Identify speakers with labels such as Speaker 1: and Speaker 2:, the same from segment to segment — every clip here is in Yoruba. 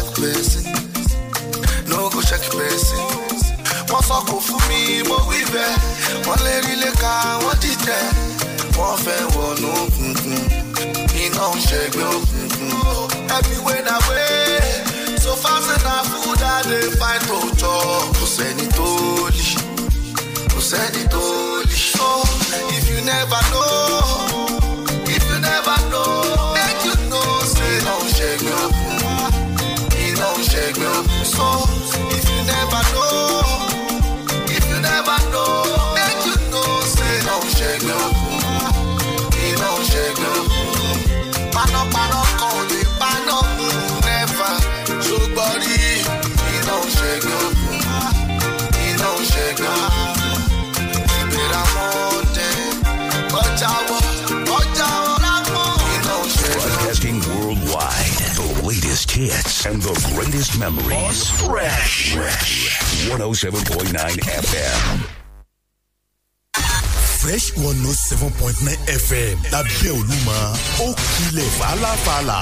Speaker 1: chaque personne. No go chaque personne. Wọ́n sọ kò fún mi, mo wí bẹ́ẹ̀. Wọ́n lè rí lẹ́ka, wọ́n dìtẹ̀. Wọ́n fẹ́ wọnú òkùnkùn. Iná ń ṣẹgbẹ́ òkùnkùn. Ẹbí wé na wé. So far say na food I dey find to jọ. Kò sẹ́ni tó lì. Kò sẹ́ni tó lì. So if you never know.
Speaker 2: and the greatest memories. On Fresh. Fresh. 107.9 FM.
Speaker 3: Fresh 107.9 FM. Lábẹ́ Olúmọ, ó kilẹ̀ fàlàfàlà.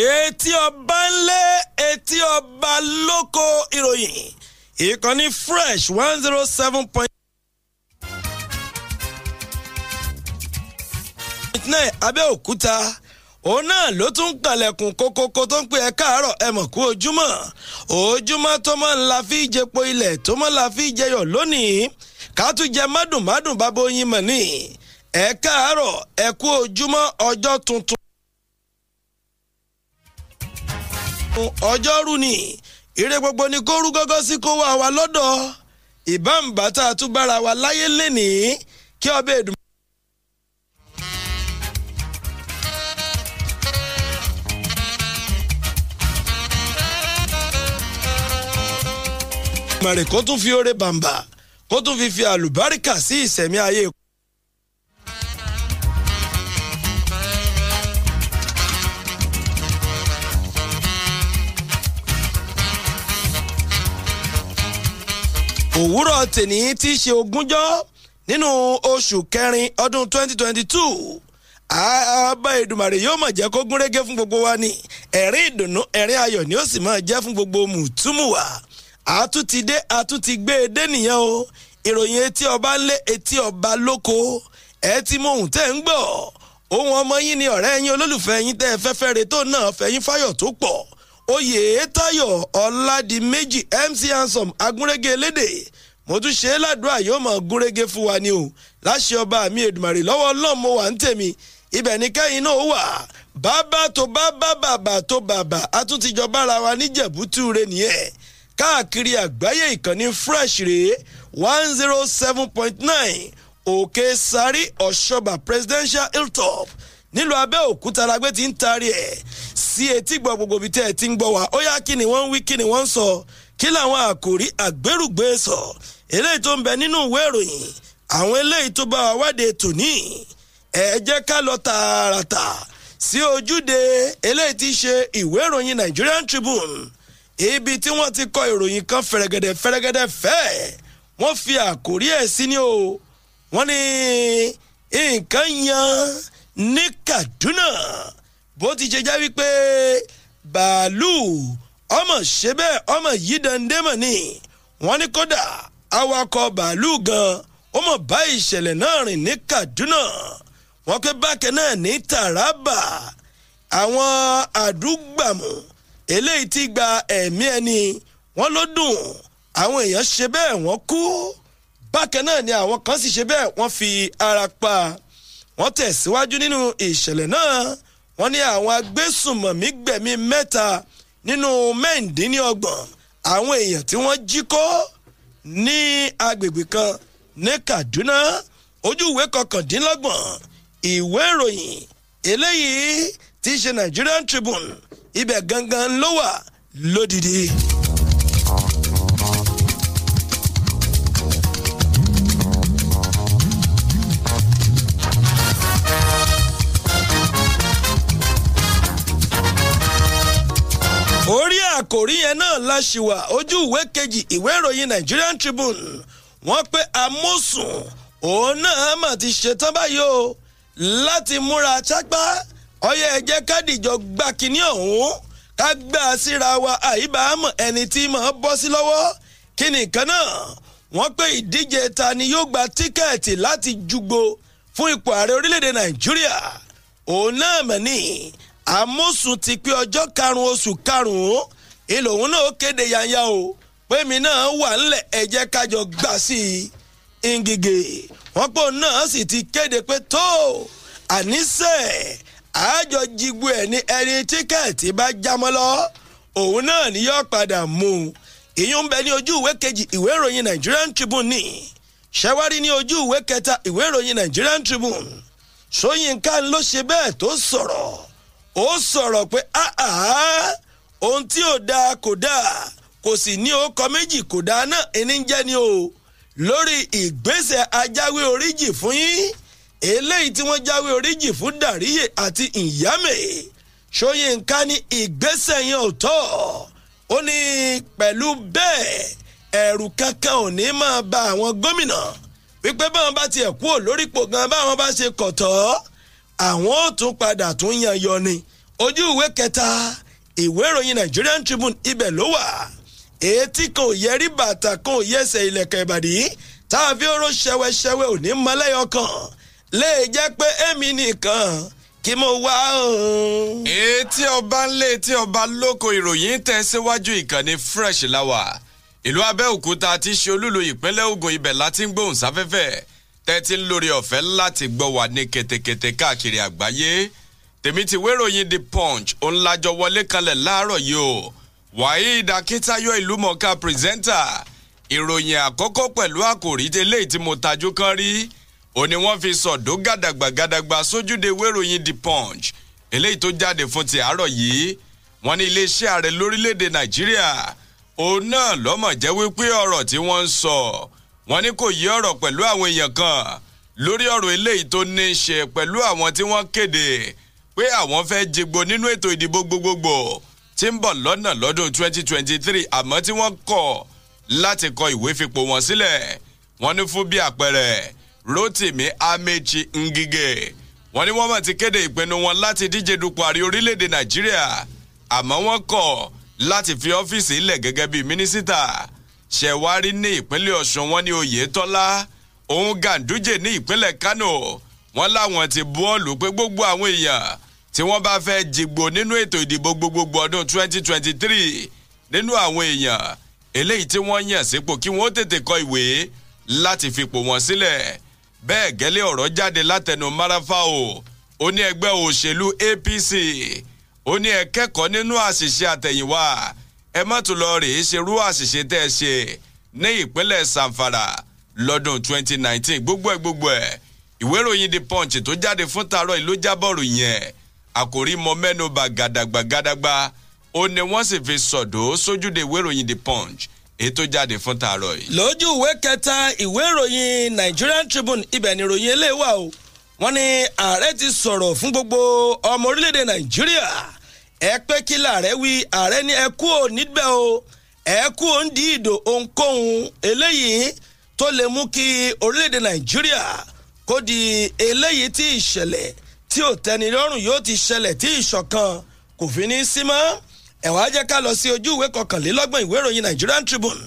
Speaker 1: etí ọba ńlé etí ọba lóko ìròyìn ìkànnì fresh one zero seven point. náà abẹ́òkúta òun náà ló tún kànlẹ̀kùn kókókó tó ń pè ẹ́ káàárọ̀ ẹ mọ̀ kú ojúmọ́ ojúmọ́ tó máa ń la fi jẹpo ilẹ̀ tó máa ń la fi jẹyọ̀ lónìí ká mádùnmádùn bábó yín mọ̀ ní ẹ káàárọ̀ ẹ kú ọjọ́ tuntun. ọjọ́rú ni ire gbogbo ni kó rú gógó sí kó wá wa lọ́dọ̀ ìbámbá tá a tún bára wa láyé lénìí kí ọbẹ̀ èdùn. kó tún fi oore bàǹbà kó tún fi fi àlùbáríkà sí ìsẹ̀mí ayé. òwúrọ̀ tèní ti ṣe ogúnjọ́ nínú oṣù kẹrin ọdún 2022 àbá Èdùmàrè yóò máa jẹ́ kó gún régé fún gbogbo wa ni ẹ̀rín ìdùnnú ẹ̀rín ayọ̀ ni ó sì máa jẹ́ fún gbogbo mùtúmùwà àtúntìdé àtúntìgbé edé nìyẹn o ìròyìn etí ọba ńlé etí ọba lóko ẹ ti mọ ohun tẹ́ ń gbọ́ ohun ọmọ yín ni ọ̀rẹ́ yín olólùfẹ́ yín tẹ́ fẹ́fẹ́ re tó náà fẹ́ yín tó pọ̀ oyètayọ̀ ọ̀làdìmẹ́jì mc handsome agúnrégé elédè mo tún ṣe é ládùúrà yóò mọ̀ gúnrégé fún wa ni o láṣẹ ọba mi èdùmàrè lọ́wọ́ ọlọ́run mo wà ń tèmi ibẹ̀ ní kẹ́yìn náà wà bàbá tó bàbá bàbá tó bàbá a tún ti jọ bára wa níjẹ̀bú túure nìyẹn káàkiri àgbáyé ìkànnì fresh rèé one zero seven point nine òkè sáré ọ̀ṣọ́bà presidential hilltop nílùú abẹ́òkúta la gbé ti ń taari ẹ̀ sí etí gbọ́ gbogbo ibi tẹ́ ẹ ti ń gbọ́ wa ó yá kí ni wọ́n ń wí kí ni wọ́n ń sọ kí làwọn àkòrí àgbérùgbé sọ eléyìí tó ń bẹ nínú ìwé ìròyìn àwọn eléyìí tó bá wa wádìí tòní ẹ jẹ́ ká lọ tààràtà sí ojúde eléyìí ti ṣe ìwé ìròyìn Nigerian Tribune ibi tí wọ́n ti kọ ìròyìn kan fẹ̀rẹ̀gẹ̀dẹ̀ fẹ̀rẹ̀gẹ̀dẹ̀ fẹ́ wọ́n fi àkòrí ẹ̀ sí ni o wọ́n ní nǹkan yan ní Kaduna bó ti ṣe jẹ́ wípé bàálù ọmọ ṣe bẹ́ẹ̀ ọmọ yìí dande mọ̀ ni wọ́n ní kódà awakọ̀ bàálù gan ó mọ̀ bá ìṣẹ̀lẹ̀ náà rìn ní Kaduna wọ́n pé bákẹ́ náà ní Taraba àwọn àdúgbàmù eléyìí ti gba ẹ̀mí ẹni wọ́n ló dùn àwọn èèyàn ṣe bẹ́ẹ̀ wọ́n kú bákẹ́ náà ni àwọn kan sì ṣe bẹ́ẹ̀ wọ́n fi ara pa wọ́n tẹ̀síwájú nínú ìṣẹ̀lẹ̀ náà wọ́n ní àwọn agbésùnmọ̀mí gbẹ̀mí mẹ́ta nínú mẹ́ǹdínlọ́gbọ̀n àwọn èèyàn tí wọ́n jí kó ní agbègbè kan ní Kaduna ojú ìwé kọkàndínlọ́gbọ̀n ìwé ìròyìn eléyìí tí ṣe Nigerian Tribune ibẹ̀ gangan ló wà lódìdí. orí àkòrí yẹn náà la ṣì wà ojú ìwé kejì ìwé ìròyìn Nigerian Tribune wọ́n pé amósùn òun náà mà ti ṣetán báyìí o láti múra ṣápá ọyẹ ẹjẹ kádìjọ gbà kínní ọ̀hún ká gbà síra wa àyíbáàmọ̀ ẹni tí mà á bọ́ sí lọ́wọ́ kí nìkan náà wọ́n pé ìdíje ta ni yóò gba tíkẹ́ẹ̀tì láti jugbo fún ipò ààrẹ orílẹ̀-èdè Nàìjíríà òun náà mà ní àmúsùn ti pé ọjọ́ karùn-ún oṣù karùn-ún ìlòhùn náà kéde yanya o pé mi náà wà ńlẹ̀ ẹ̀jẹ̀ kájọ gbà sí i ngige wọ́n pò náà sì ti kéde pé tó àníṣe àjọ jigbu ẹ̀ ní ẹni tíkẹ́ẹ̀tì bá jámọ́ lọ òun náà ni yóò padà mú un ìyún bẹ ní ojú ìwé kejì ìwé ìròyìn Nigerian Tribune ni ṣẹwárí ní ojú ìwé kẹta ìwé ìròyìn Nigerian Tribune Ṣóyínká ló ṣe bẹ́ẹ̀ tó sọ̀rọ̀ ó sọ̀rọ̀ pé ah, ah, ohun tí ò dáa kò dáa kò sì ní orúkọ méjì kò dáa náà ẹni ń jẹ́ ni o lórí ìgbésẹ̀ ajáwé oríjì fún yín eléyìí tí wọ́n jáwé oríjì fún dàríyè àti ìyámẹ̀ ṣóyínká ní ìgbésẹ̀ yẹn ò tọ́ ó ní pẹ̀lú bẹ́ẹ̀ ẹ̀rù kankan ò ní máa ba àwọn gómìnà wípé báwọn bá tiẹ̀ kú ò lórípò gan báwọn bá ṣe kọ̀tọ́ àwọn ò tún padà tún yan yọ ni ojú ìwé kẹta ìwé ìròyìn Nigerian Tribune ibẹ̀ ló wà etí kan ò yẹ rí bàtà kan ò yẹ ẹsẹ̀ ìlẹ̀kẹ̀ ìbàdí tá a fi oró ṣẹwẹṣẹwẹ ò mọ́lẹ́yọ kan
Speaker 4: lè jẹ́ pé èmi nìkan kí mo wá o. etí ọba ńlé etí ọba lóko ìròyìn tẹ síwájú ìkànnì fresh Lawa, ìlú abẹ́òkúta ti ṣe olúlo ìpínlẹ̀ Ògùn ibẹ̀ láti ń gbóhùn sáfẹ́fẹ́ tẹ́tí lórí ọ̀fẹ́ láti gbọ́ wà ní ketekete káàkiri àgbáyé tèmi ti wéròyìn the punch òun lájọ wọlé kalẹ̀ láàárọ̀ yìí o waheed akitayo ìlúmọ̀ọ́ká pírẹsẹ́ńtà ìròyìn àkọ́kọ́ pẹ̀lú àkòrí eléyìí tí mo tajú kán rí ó ní wọ́n fi sọ̀dọ́ gàdàgbà gàdàgbà sójúde wéròyìn the punch eléyìí tó jáde fún ti àárọ̀ yìí wọ́n ní iléeṣẹ́ ààrẹ lórílẹ̀‐èdè nàìjíríà òun náà lọ́mọ̀ jẹ́ wípé ọ̀rọ̀ tí wọ́n ń sọ so wọ́n ní kò yí ọ̀rọ̀ pẹ̀lú àwọn èèyàn kan lórí ọ̀rọ̀ eléyìí tó ní í ṣe pẹ̀lú àwọn tí wọ́n kéde pé àwọn fẹ́ jegbo nínú ètò ìdìbò gbogbogbò tí ń bọ̀ lọ́nà lọ́dún 2023 àmọ́ tí wọ́n kọ̀ láti kọ ìwé fipò wọn sílẹ̀ wọ́n ní fún bí àpẹẹrẹ Rotimi Amechi Ngige wọ́n ní wọ́n mọ̀ ti kéde ìpinnu wọn láti díje dupò àrí orílẹ̀-èdè Nàìjíríà àmọ́ wọ́n kọ̀ láti fi ọ́fíìsì ilẹ̀ gẹ́gẹ́ bíi mínísítà ṣẹ̀wárí ní ìpínlẹ̀ ọ̀ṣun wọn ní oyètọ́lá òun ganduje ní ìpínlẹ̀ kano wọn láwọn ti bọ́ọ̀lù pé gbogbo àwọn èèyàn tí wọ́n bá fẹ́ jìgbò nínú ètò ìdìbò gbogbogbò ọdún 2023 nínú àwọn èèyàn eléyìí tí wọ́n yàn sípò kí wọ́n tètè kọ ìwé láti fipò wọn sílẹ̀ bẹ́ẹ̀ gẹ́lẹ́ ọ̀rọ̀ jáde látẹnu marafa o ó ní ẹgbẹ́ òṣèlú apc ó ní ẹ̀kẹ́kọ̀ọ́ nínú àṣìṣe àtẹ̀yìnwá ẹ má tún lọ rèé ṣerú àṣìṣe tẹ́ ẹ ṣe ní ìpínlẹ̀ Zamfara lọ́dún 2019 gbogbo ẹ̀ gbogbo ẹ̀ ìwé ìròyìn The Punch tó jáde fún taarọ̀ ìlú jábọ̀rù yẹn àkòrí mọ mẹ́nuba gàdàgbà gàdàgbà ó ní wọ́n sì fi sọ̀dọ̀ sójúde ìwé ìròyìn The Punch ètò jáde fún taarọ̀ yìí.
Speaker 1: lójú ìwé kẹta ìwé ìròyìn Nigerian Tribune ibẹ̀ ni ìròyìn eléwà o wọ́n ní ààrẹ ti sọ̀rọ̀ fún gbogbo ọmọ orílẹ̀-èdè Nàìjíríà ẹ pé kí làárẹ̀ wí ààrẹ ní ẹ kú ò níbẹ̀ o ẹ kú ò ń di ìdò ohunkóhun eléyìí tó lè mú kí orílẹ̀-èdè nàìjíríà kó di eléyìí tí ìṣẹ̀lẹ̀ tí ò tẹ́ni lọ́rùn yóò ti ṣẹlẹ̀ tí ìṣọ̀kan kò fi ní sí mọ́ ẹ wá jẹ́ ká lọ sí ojú ìwé kọkànlélọ́gbọ̀n ìwé ìròyìn Nigerian Tribune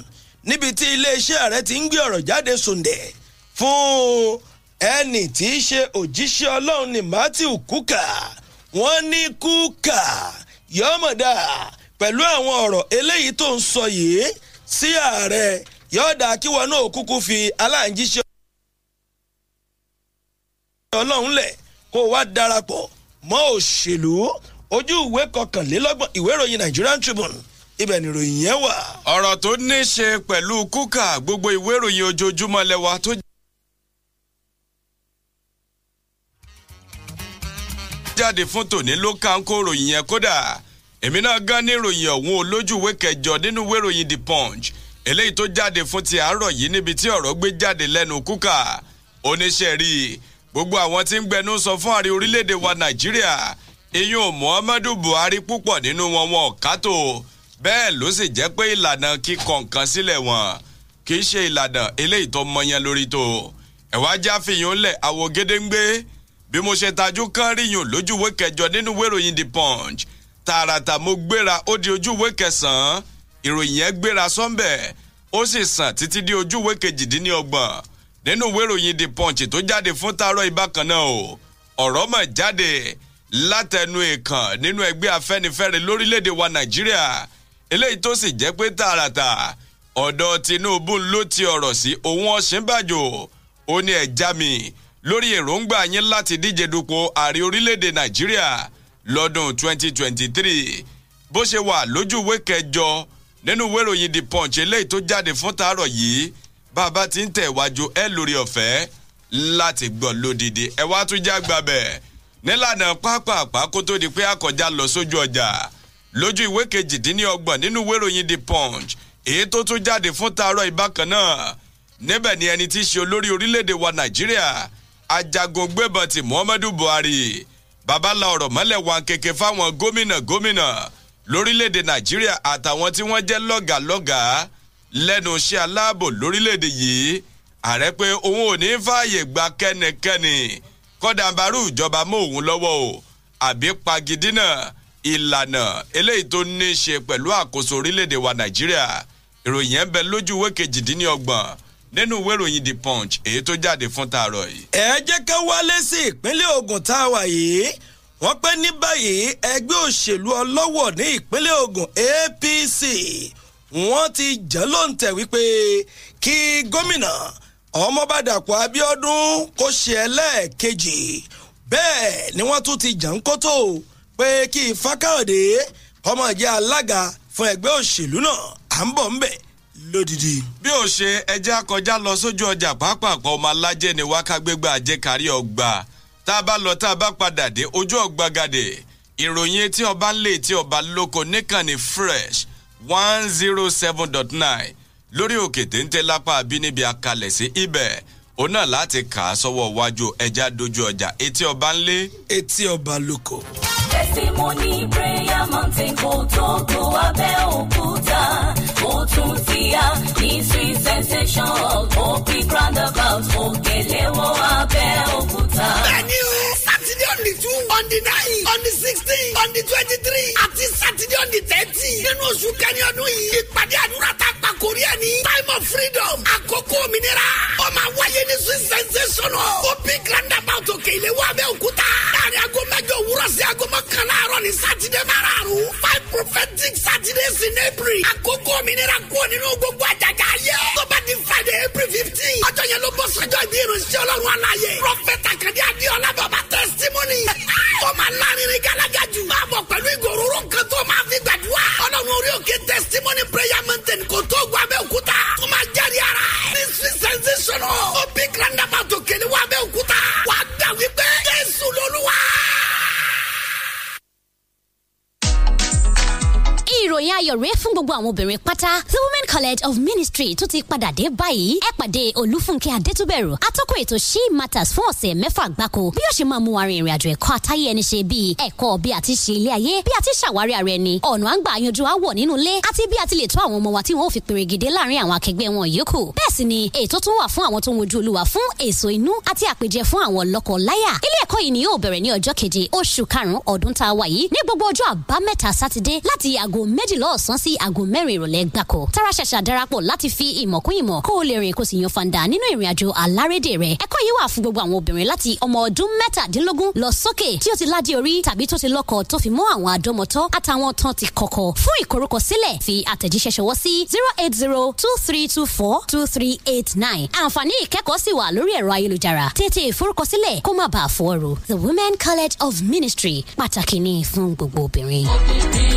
Speaker 1: níbi tí iléeṣẹ́ ààrẹ ti ń gbé ọ̀rọ̀ jáde sòǹdẹ̀ fún ẹnì tí í ṣe òjíṣẹ́ ọlọ́run ní Matthew Kuka wọ́n ní Kuka yọmọdà pẹ̀lú àwọn ọ̀rọ̀ eléyìí tó ń sọ yìí sí ààrẹ yọ̀ọ̀dà kí wọn náà kúkú fi aláǹjíṣẹ́ ọlọ́run lẹ̀ kó wá darapọ̀ mọ́ òṣèlú ojú ìwé kọkànlélọ́gbọ̀n ìwé ìròyìn Nigerian Tribune ibẹ̀ nìròyìn yẹn wà. ọ̀rọ̀ tó ní í ṣe pẹ̀lú
Speaker 4: kúkà gbogbo ìwé ìròyìn ojoojúmọ́ lẹ́wà tó jẹ́. jáde fún tòní ló ká ń kó ròyìn yẹn kódà èmi náà gan ní ìròyìn ọ̀hún olójúwé kẹjọ nínú ìwé ìròyìn the punch eléyìí tó jáde fún ti àárọ̀ yìí níbi tí ọ̀rọ̀ gbé jáde lẹ́nu kúkà oníṣẹ́ rí i gbogbo àwọn tí ń gbẹnu sọ fún ààrẹ orílẹ̀-èdè wa nàìjíríà iyún muhammadu buhari púpọ̀ nínú wọn wọn ò kátó bẹ́ẹ̀ ló sì jẹ́ pé ìlànà kíkọ nǹkan sílẹ̀ wọn kì í ṣe ìlànà eléyìí tó mọyán lórí tó ẹ̀wájá fìyún lẹ̀ àwògedengbe bí mo ṣe tajú kán ríyùn lójúwé kẹjọ nínú ìwé ìròyìn the punch tààràtà mo gbéra ó di ojúwé kẹsànán ìròyìn yẹn gbéra sọ́nbẹ̀ ó sì sàn títí di ojúwé kejìdínlọ́gbọ̀n nínú ìwé the punch tó jáde fún taarọ ìbákan náà o ọ̀rọ̀ mọ̀ jáde látẹnu èèkàn nínú ẹgbẹ́ afẹ́nifẹ́re lórílẹ̀‐èdè wa nàìjíríà eléyìí tó sì jẹ́ pé tààràtà ọ̀dọ̀ tinubu ló ti ọ̀rọ̀ sí òun ọ̀sìnbàjò ó ní ẹ̀já mi lórí èròǹgbà yín láti díje dupò ààrẹ orílẹ̀-èdè nàìjíríà lọ́dún 2023 bó ṣe wà lójú ìwé kẹjọ nínú ìwé ìròyìn the punch eléyìí tó jáde fún tàárọ̀ yìí bàbá ti ń tẹ̀wájú ẹ lórí ọ̀fẹ́ láti gbọ́ lódìdí ẹ wá tún já gbàbẹ̀ nílànà pápápá kó tó di pé àkọjá lọ sójú ọjà lójú ìwé kejìdínlọ́gbọ̀n nínú ìwé ìròyìn the punch èyí tó tún jáde fún tàárọ̀ ìbákan náà níbẹ̀ ni ẹni tí í ṣe olórí orílẹ̀-èdè wa nàìjíríà ajagun gbébọn ti muhammadu buhari babalá ọ̀rọ̀ mọ́lẹ̀ wọn keke fáwọn gómìnà gómìnà lórílẹ̀‐èdè nàìjíríà àtàwọn tí wọ́n jẹ́ lọ́gàlọ́gà lẹ́nu iṣẹ́ aláàbò lórílẹ̀‐èdè yìí ààrẹ pé òun ò ní fààyè gba kẹ́nikẹ́ni kọ́dàbárù ìjọba mọ́ òun lọ́wọ́ o àbí pagidínà ìlànà eléyìí tó ní í ṣe pẹ̀lú àkóso orílẹ̀ wa nàìjíríà ìròyìn ẹ̀ ń bẹ lójú ìwé kejìdínlọ́gbọ̀n nínú ìwé ìròyìn the punch èyí tó jáde fún tààrọ yìí. ẹ
Speaker 1: jẹ́ ká wálé sí ìpínlẹ̀ Ògùn tá a wà yìí wọ́n pẹ́ ní báyìí ẹgbẹ́ òṣèlú ọlọ́wọ̀ ní ìpínlẹ̀ Ògùn APC wọ́n ti jẹ́ ló ń tẹ̀ wípé kí gómìnà ọmọọba Dàpọ̀ Abíọ́dún kó ṣe ẹlẹ́ẹ̀kejì bẹ́ẹ̀ ni wọ́n tún ti jà ń kótó pé kí Fákáyọ̀dé
Speaker 4: ọmọ ìjẹ́ alága fún ẹgbẹ́ òṣèlú náà à ń bọ̀ ń bẹ̀ lódìdí. bí ó ṣe ẹjẹ́ akọjá lọ sójú ọjà pàápàá ọmọ alájẹ ni wákàgbégbà àjẹkárí ọgbà tá a bá lọ tá a bá padà dé ojú ọgbàgàdé ìròyìn etí ọba ńlẹ̀ etí ọba lóko níkànnì fresh one zero oh seven dot nine lórí òkè téńté lápá abínibí akalẹ̀ sí ibẹ̀ òun láti kà á sọ́wọ́ iwájú ẹja dojú ọjà etí ọba ńlẹ̀. etí ọba lóko.
Speaker 5: testimony prayer mountain kò tó gbó abẹ́ òkúta
Speaker 6: on the nine on the sixteen on the twenty three àti Saturday on the thirty nínú oṣù kẹrin ọdún yìí ìpàdé àdúrà tá a pa kórí ẹ ní time of freedom àkókò òmìnira ó máa wáyé ní sweet sensation o bí grand about òkè ilé wa bẹ́ẹ̀ òkúta láàrin aago mẹ́jọ òwúrọ̀ sí aago mọ́kànlá àárọ̀ ní sátidé márààrún five prophetic saturdays in april àkókò òmìnira kúrò nínú gbogbo àjàgà ayé tó bá di friday april fifteen ọjọ́ yẹn ló bọ́ sọ́jọ́ ìbí ìrìnsẹ̀ ọlọ́run aláyé prọfẹ̀tà kàdí adéọlá bàbá testimony. ó máa lárinrin gálága jù. máa bọ̀ pẹ̀lú ìgòròrò kan tó máa fi gbàdúrà. ọlọ́run orí òkè testimony prayer mountain kò tó gbọ́ abẹ́òkúta. ó máa jẹ́rìí ara ẹ̀. sensation o. ó bí grand amount
Speaker 7: ìròyìn ayọ̀ rèé fún gbogbo àwọn obìnrin pátá the women college of ministry tún ti padà dé báyìí ẹ pàdé olúfúnkẹ́ adétúbẹ̀rù atọ́kùn ètò she matters fún ọ̀sẹ̀ mẹ́fà gbáko bí yóò ṣe máa mú àrin ìrìn àjò ẹ̀kọ́ àtayé ẹni ṣe bíi ẹ̀kọ́ bí a ti ṣe ilé ayé bí a ti ṣàwárí ara ẹni ọ̀nà àgbà àyànjú àwọ̀ nínú ilé àti bí a ti lè tọ́ àwọn ọmọ wa tí wọ́n ò fi pèrègìdè láàrin àwọn akẹgbẹ́ wọn yòókù bẹ́ẹ̀ sì ni ètò tún wà fún àwọn tó ń wojú olúwa fún èso inú àti àpèjẹ fún àwọn lọ́kọ láyà ilé ẹ̀kọ́ yìí ni yóò bẹ̀rẹ̀ ní ọjọ́ keje oṣù karùn-ún ọdún tá a wà yìí ní gbogbo ọjọ́ àbámẹ́ta sátidé láti aago méjìlá ọ̀sán sí aago mẹ́rin ìrọ̀lẹ́ gbáko tara ṣàṣà darapọ̀ láti fi ìmọ̀ kún ìmọ̀ kó o lè rìn kó o sì yan fanda nínú ìrìn àjò alárédè rẹ ẹ̀kọ́ yìí wà fún gbogbo àwọn obìnrin láti ọmọ ọdún mẹ́tàdínlógún lọ sókè tí ó ti ládé orí tàbí tó ti lọ́kọ tó fi mọ́ àwọn àdọ́mọtọ́ àtàwọn tán ti kọ́kọ́ fún ìkorúkọsílẹ̀ fi àtẹ̀jíṣẹ́ zero eight zero two three two four two three eight nine àǹfààní ìkẹ́kọ̀ọ́ sì wà lórí ẹ̀rọ ayélujára tètè ìforúkọsílẹ̀ The Women College of Ministry pàtàkì ní fún gbogbo obìnrin. obìnrin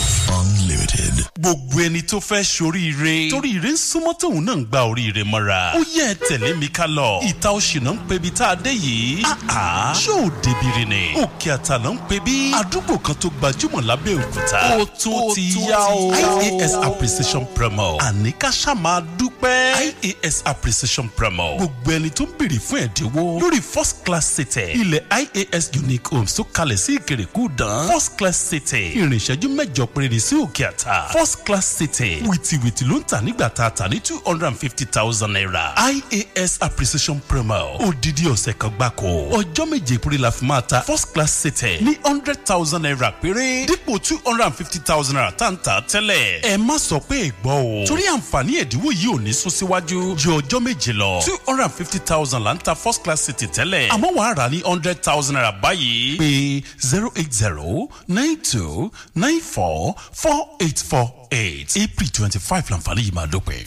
Speaker 3: gbogbo ẹni tó fẹ́ soríire torí ire ń súnmọ́ tóun náà ń gba oríire mọ́ra ó yẹ tẹ̀lé mi ká lọ ìta òṣìnà ń pebi tá a dé yìí ah, ah. ṣé ò débìrì ni òkè àtàlà ń pebi àdúgbò kan tó gbajúmọ̀ lábẹ́ òkúta ó tún ti yá o IAS appreciation promo àní ká ṣá dúpẹ́ IAS appreciation promo gbogbo ẹni tó ń béèrè fún ẹ̀dínwó lórí first class city ilẹ̀ IAS unique homes tó kalẹ̀ sí ìkẹrẹ̀kú dán first class city ìrìnsẹ́jú mẹ́jọ péré ní sí òkè àtà first first class seating wìtìwìtì ló ń tà nígbà tá a tà ní two hundred and fifty thousand naira ias appreciation promo odidi ọ̀sẹ̀ kan gbáko ọjọ́ méje péré la fi máa ta first class seating ní hundred thousand naira péré dípò two hundred and fifty thousand naira tá n ta tẹ́lẹ̀ ẹ má sọ pé ẹ gbọ́ o torí àǹfààní ẹ̀dínwó yìí ò ní sún síwájú ju ọjọ́ méje lọ two hundred and fifty thousand la ń ta first class seating tẹ́lẹ̀ àmọ́ wàá rà ní hundred thousand naira báyìí pé zero eight zero nine two nine four four eight four eight april twenty five láǹfààní yìí máa dópin.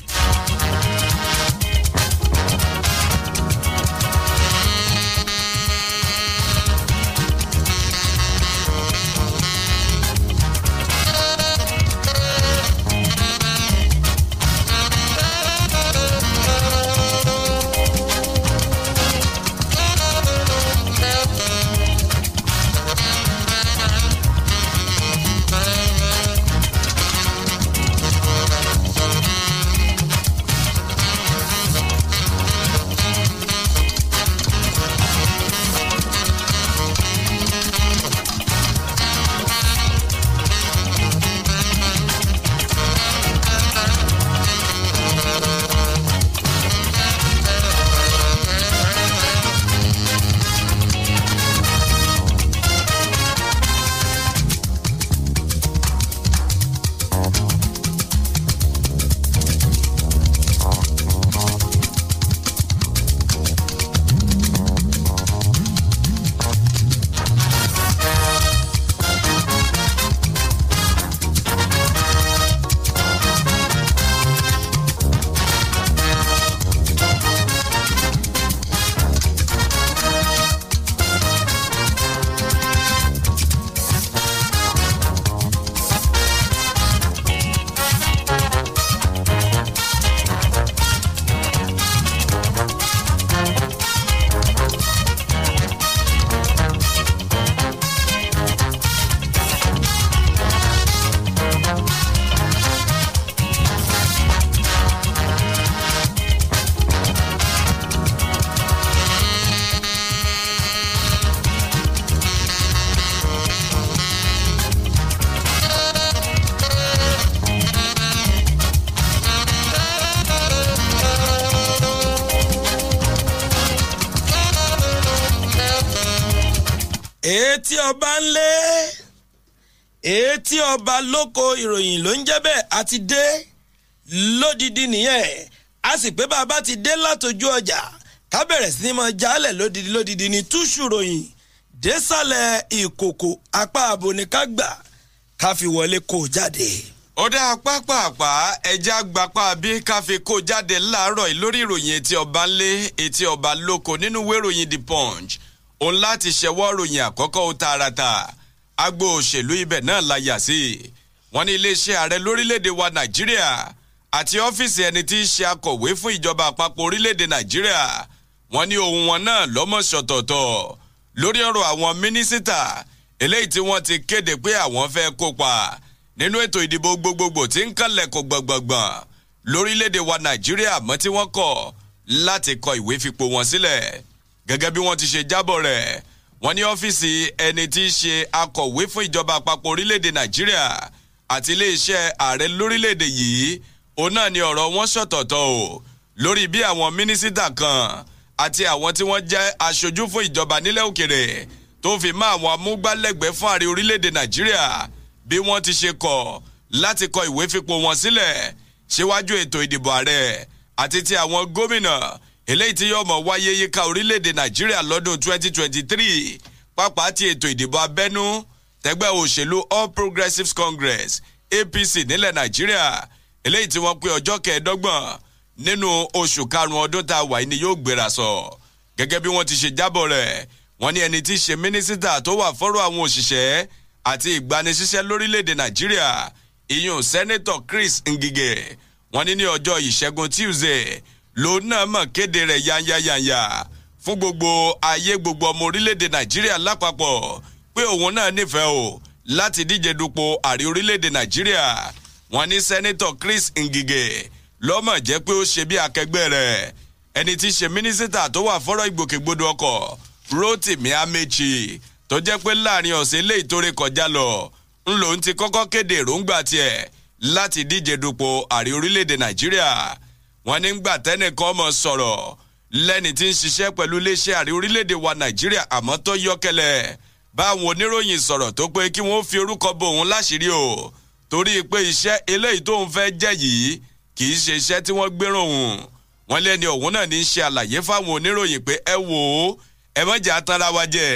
Speaker 1: ńlé etí ọba lóko ìròyìn ló ń jẹ́ bẹ́ẹ̀ àti dé lódìdí nìyẹn a sì pé bàbá ti dé látọjú ọjà ká bẹ̀rẹ̀ sí ni mo jálẹ̀ lódìdí lódìdí ní túṣu ròyìn désàlẹ̀ ìkòkò apá àbò ní ká gbà ká fi wọlé kó jáde
Speaker 4: ọ̀dà pápápá ẹja gbapá bí káfí kó jáde láàárọ̀ lórí ìròyìn etí ọba ńlé etí ọba lóko nínú ìwé ìròyìn the punch òun láti ṣẹwọ́ ròyìn àkọ́kọ́ ó tààràtà agbo òṣèlú ibẹ̀ náà la yà sí wọ́n ní iléeṣẹ́ ààrẹ lórílẹ̀‐èdè wa nàìjíríà àti ọ́fíìsì ẹni tí í ṣe akọ̀wé fún ìjọba àpapọ̀ orílẹ̀‐èdè nàìjíríà wọ́n ní ohun wọn náà lọ́mọ̀ṣọ̀tọ̀ọ̀tọ̀ lórí ọ̀rọ̀ àwọn mínísítà eléyìí tí wọ́n ti kéde pé àwọn fẹ́ kópa nínú ètò ìdìbò gbogbogbò tí ń kànlẹ̀ kò gbọ̀ngbọ̀ngbọ̀n lórílẹ̀‐èdè wa nàìjíríà mọ́ tí wọ́n kọ̀ láti kọ ìwé fipò wọn sílẹ̀ gẹ́gẹ́ bí wọ́n ti ṣe jábọ̀ rẹ̀ wọ́n ní ọ́fíìsì ẹni tí í ṣe akọ̀wé fún ìjọba àpapọ̀ orílẹ̀-èdè nàìjíríà àti iléeṣẹ́ ààrẹ lórílẹ̀-èdè yìí òun náà ni ọ̀rọ̀ wọn ṣọ̀tọ̀tọ̀ o lórí bí àwọn mínísítà kan àti àwọn tí wọ́n jẹ́ aṣojú fún ìjọba nílẹ̀ òkèrè tó fi mọ́ àwọn amúgbálẹ́gbẹ̀ẹ́ fún ààrẹ orílẹ̀-èdè nàìjíríà bí wọ́n ti ṣe kọ̀ láti kọ ìwé fipò wọn sílẹ̀ síwájú ètò ìdìbò ààrẹ àti ti àwọn gómìnà eléyìí tí yóò mọ̀ wáyé yíká orílẹ̀-èdè nàìjíríà lọ́dún 2023 pàápàá ti ètò ìdìbò abẹ́nú tẹgbẹ́ òṣèlú all progressives congress apc nílẹ̀ nàìjíríà eléyìí tí wọ́n pé ọjọ́ kẹẹ̀ẹ́dọ́gbọ̀n nínú oṣù karùn-ún ọdún tá a wà ní yóò gbéra sọ gẹ́gẹ́ bí wọ́n ti ṣe jábọ̀ rẹ̀ wọ́n ní ẹni tí í ṣe mínísítà tó wà fọ́rọ̀ àwọn òṣìṣẹ́ àti ìgbanisíṣẹ́ lórílẹ̀‐èdè nàìjíríà ìyún sẹ́nẹ́tọ̀ Chris Ngige wọ́n ní ní ọjọ́ ìṣẹ́gun Tuesday lòun náà mọ̀ kéde rẹ̀ yányányányá fún gbogbo ayé gbogbo ọmọ orílẹ̀-èdè nàìjíríà lápapọ̀ pé òun náà nífẹ̀ẹ́ o láti díje dupò àrí orílẹ̀-èdè nàìjíríà wọ́n ní sẹ́nitọ̀ Chris Ngige lọ́mọ̀ jẹ́ pé ó ṣe bí akẹgbẹ́ rẹ̀ ẹni tí í ṣe mínísítà tó wà fọ́rọ̀ ìgbòkègbodò ọkọ̀ Rotimi Amechi tó jẹ́ pé láàrin ọ̀sẹ̀ ilé ìtòrè kọjá lọ ńlò ń ti kọ́kọ́ kéde èròǹgbà tiẹ̀ láti díje dupò àrí orílẹ̀-èdè nàìjíríà wọ́n nígbà tẹ́nìkan mọ̀ sọ̀rọ̀ lẹ́ni tí ń ṣiṣẹ́ pẹ̀lú iléeṣẹ́ àrí orílẹ̀ wa nàìjíríà àmọ́ tó yọ́kẹ́lẹ́ báwọn oníròyìn sọ̀rọ̀ tó pé kí wọ́n fi orúkọ bo òun láṣìírí o torí pé iṣẹ́ eléyìí tóun fẹ́ jẹ́ yìí kì í ṣe iṣẹ́ tí wọ́n gbérò òun wọ́n lẹ́ni ọ̀hún náà ní í ṣe àlàyé fáwọn oníròyìn pé ẹ wò ó ẹ mọ̀jà atara wa jẹ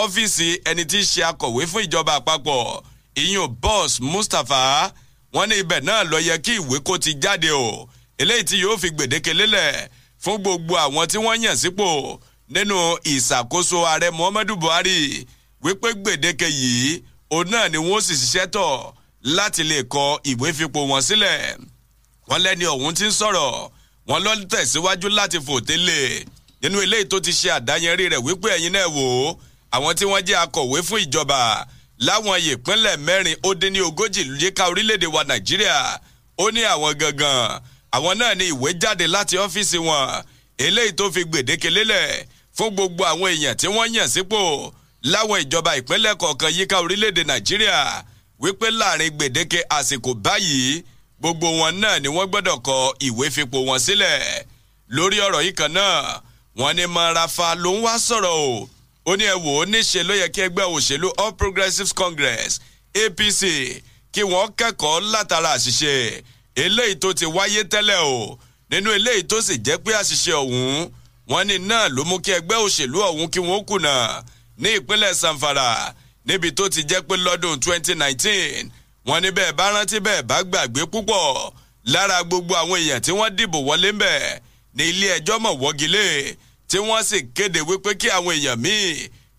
Speaker 4: ọ́fíìsì ẹni tí í ṣe akọ̀wé fún ìjọba àpapọ̀ ìyún boss Mustapha wọ́n ní ibẹ̀ náà ló yẹ kí ìwé kó ti jáde o eléyìí tí yóò fi gbèdéke lélẹ̀ fún gbogbo àwọn tí wọ́n yàn sípò nínú ìṣàkóso ààrẹ Muhammadu Buhari wípé gbèdéke yìí òun náà ni wọ́n sì ṣiṣẹ́ tọ̀ láti lè kọ ìwé fipò wọn sílẹ̀ wọ́n lẹ́ni ọ̀hún ti ń sọ̀rọ̀ wọ́n lọ tẹ̀síwájú láti fòtélè nínú eléyìí tó ti ṣe àdáyẹnrí rẹ̀ wípé ẹ̀yin náà wò ó àwọn tí wọ́n jẹ́ akọ̀wé fún ìjọba láwọn ìpínlẹ̀ mẹ́rin ó dín ní ogójì yíká orílẹ̀-èdè wa Nàìjíríà ó ní àwọn gangan àwọn náà ní ìwé jáde láti ọ́fíìsì wọn eléyìí tó fi gbèdéke lélẹ̀ fún gbogbo àwọn èèyàn tí wọ́n yàn sípò láwọn ìjọba ìpínlẹ̀ kọ̀ọ̀kan yíká orílẹ̀-èdè nàìjíríà wípé láàrin gbèdéke àsìkò báyìí gbogbo wọn náà ni wọ́n gbọ́dọ̀ kọ ìwé fipò wọn sílẹ̀ lórí ọ̀rọ̀ yìí kan náà wọ́n ní marafa ló ń wá sọ̀rọ̀ o ó ní ẹ wò ó níṣe ló yẹ kí ẹgbẹ́ òṣèlú All Progressives Congress APC kí wọ́n kẹ́kọ̀ọ́ látara àṣìṣe eléyìí tó ti wáyé tẹ́lẹ̀ o nínú eléyìí tó sì jẹ́ pé àṣìṣe ọ̀hún wọn ní náà ló mú kí ẹgbẹ́ òṣèlú ọ̀hún kí wọ́n kùnà ní ìpínlẹ̀ sanfara níbi tó ti jẹ́ pé lọ́dún 2019 wọn ní bẹ́ẹ̀ bá rántí bẹ́ẹ̀ bá gbàgbé púpọ̀ lára gbogbo àwọn èèyàn tí wọ́n dìbò wọlé ń bẹ̀ ní ilé ẹjọ́ mọ̀ wọ́gilé tí wọ́n sì kéde wípé kí àwọn èèyàn míì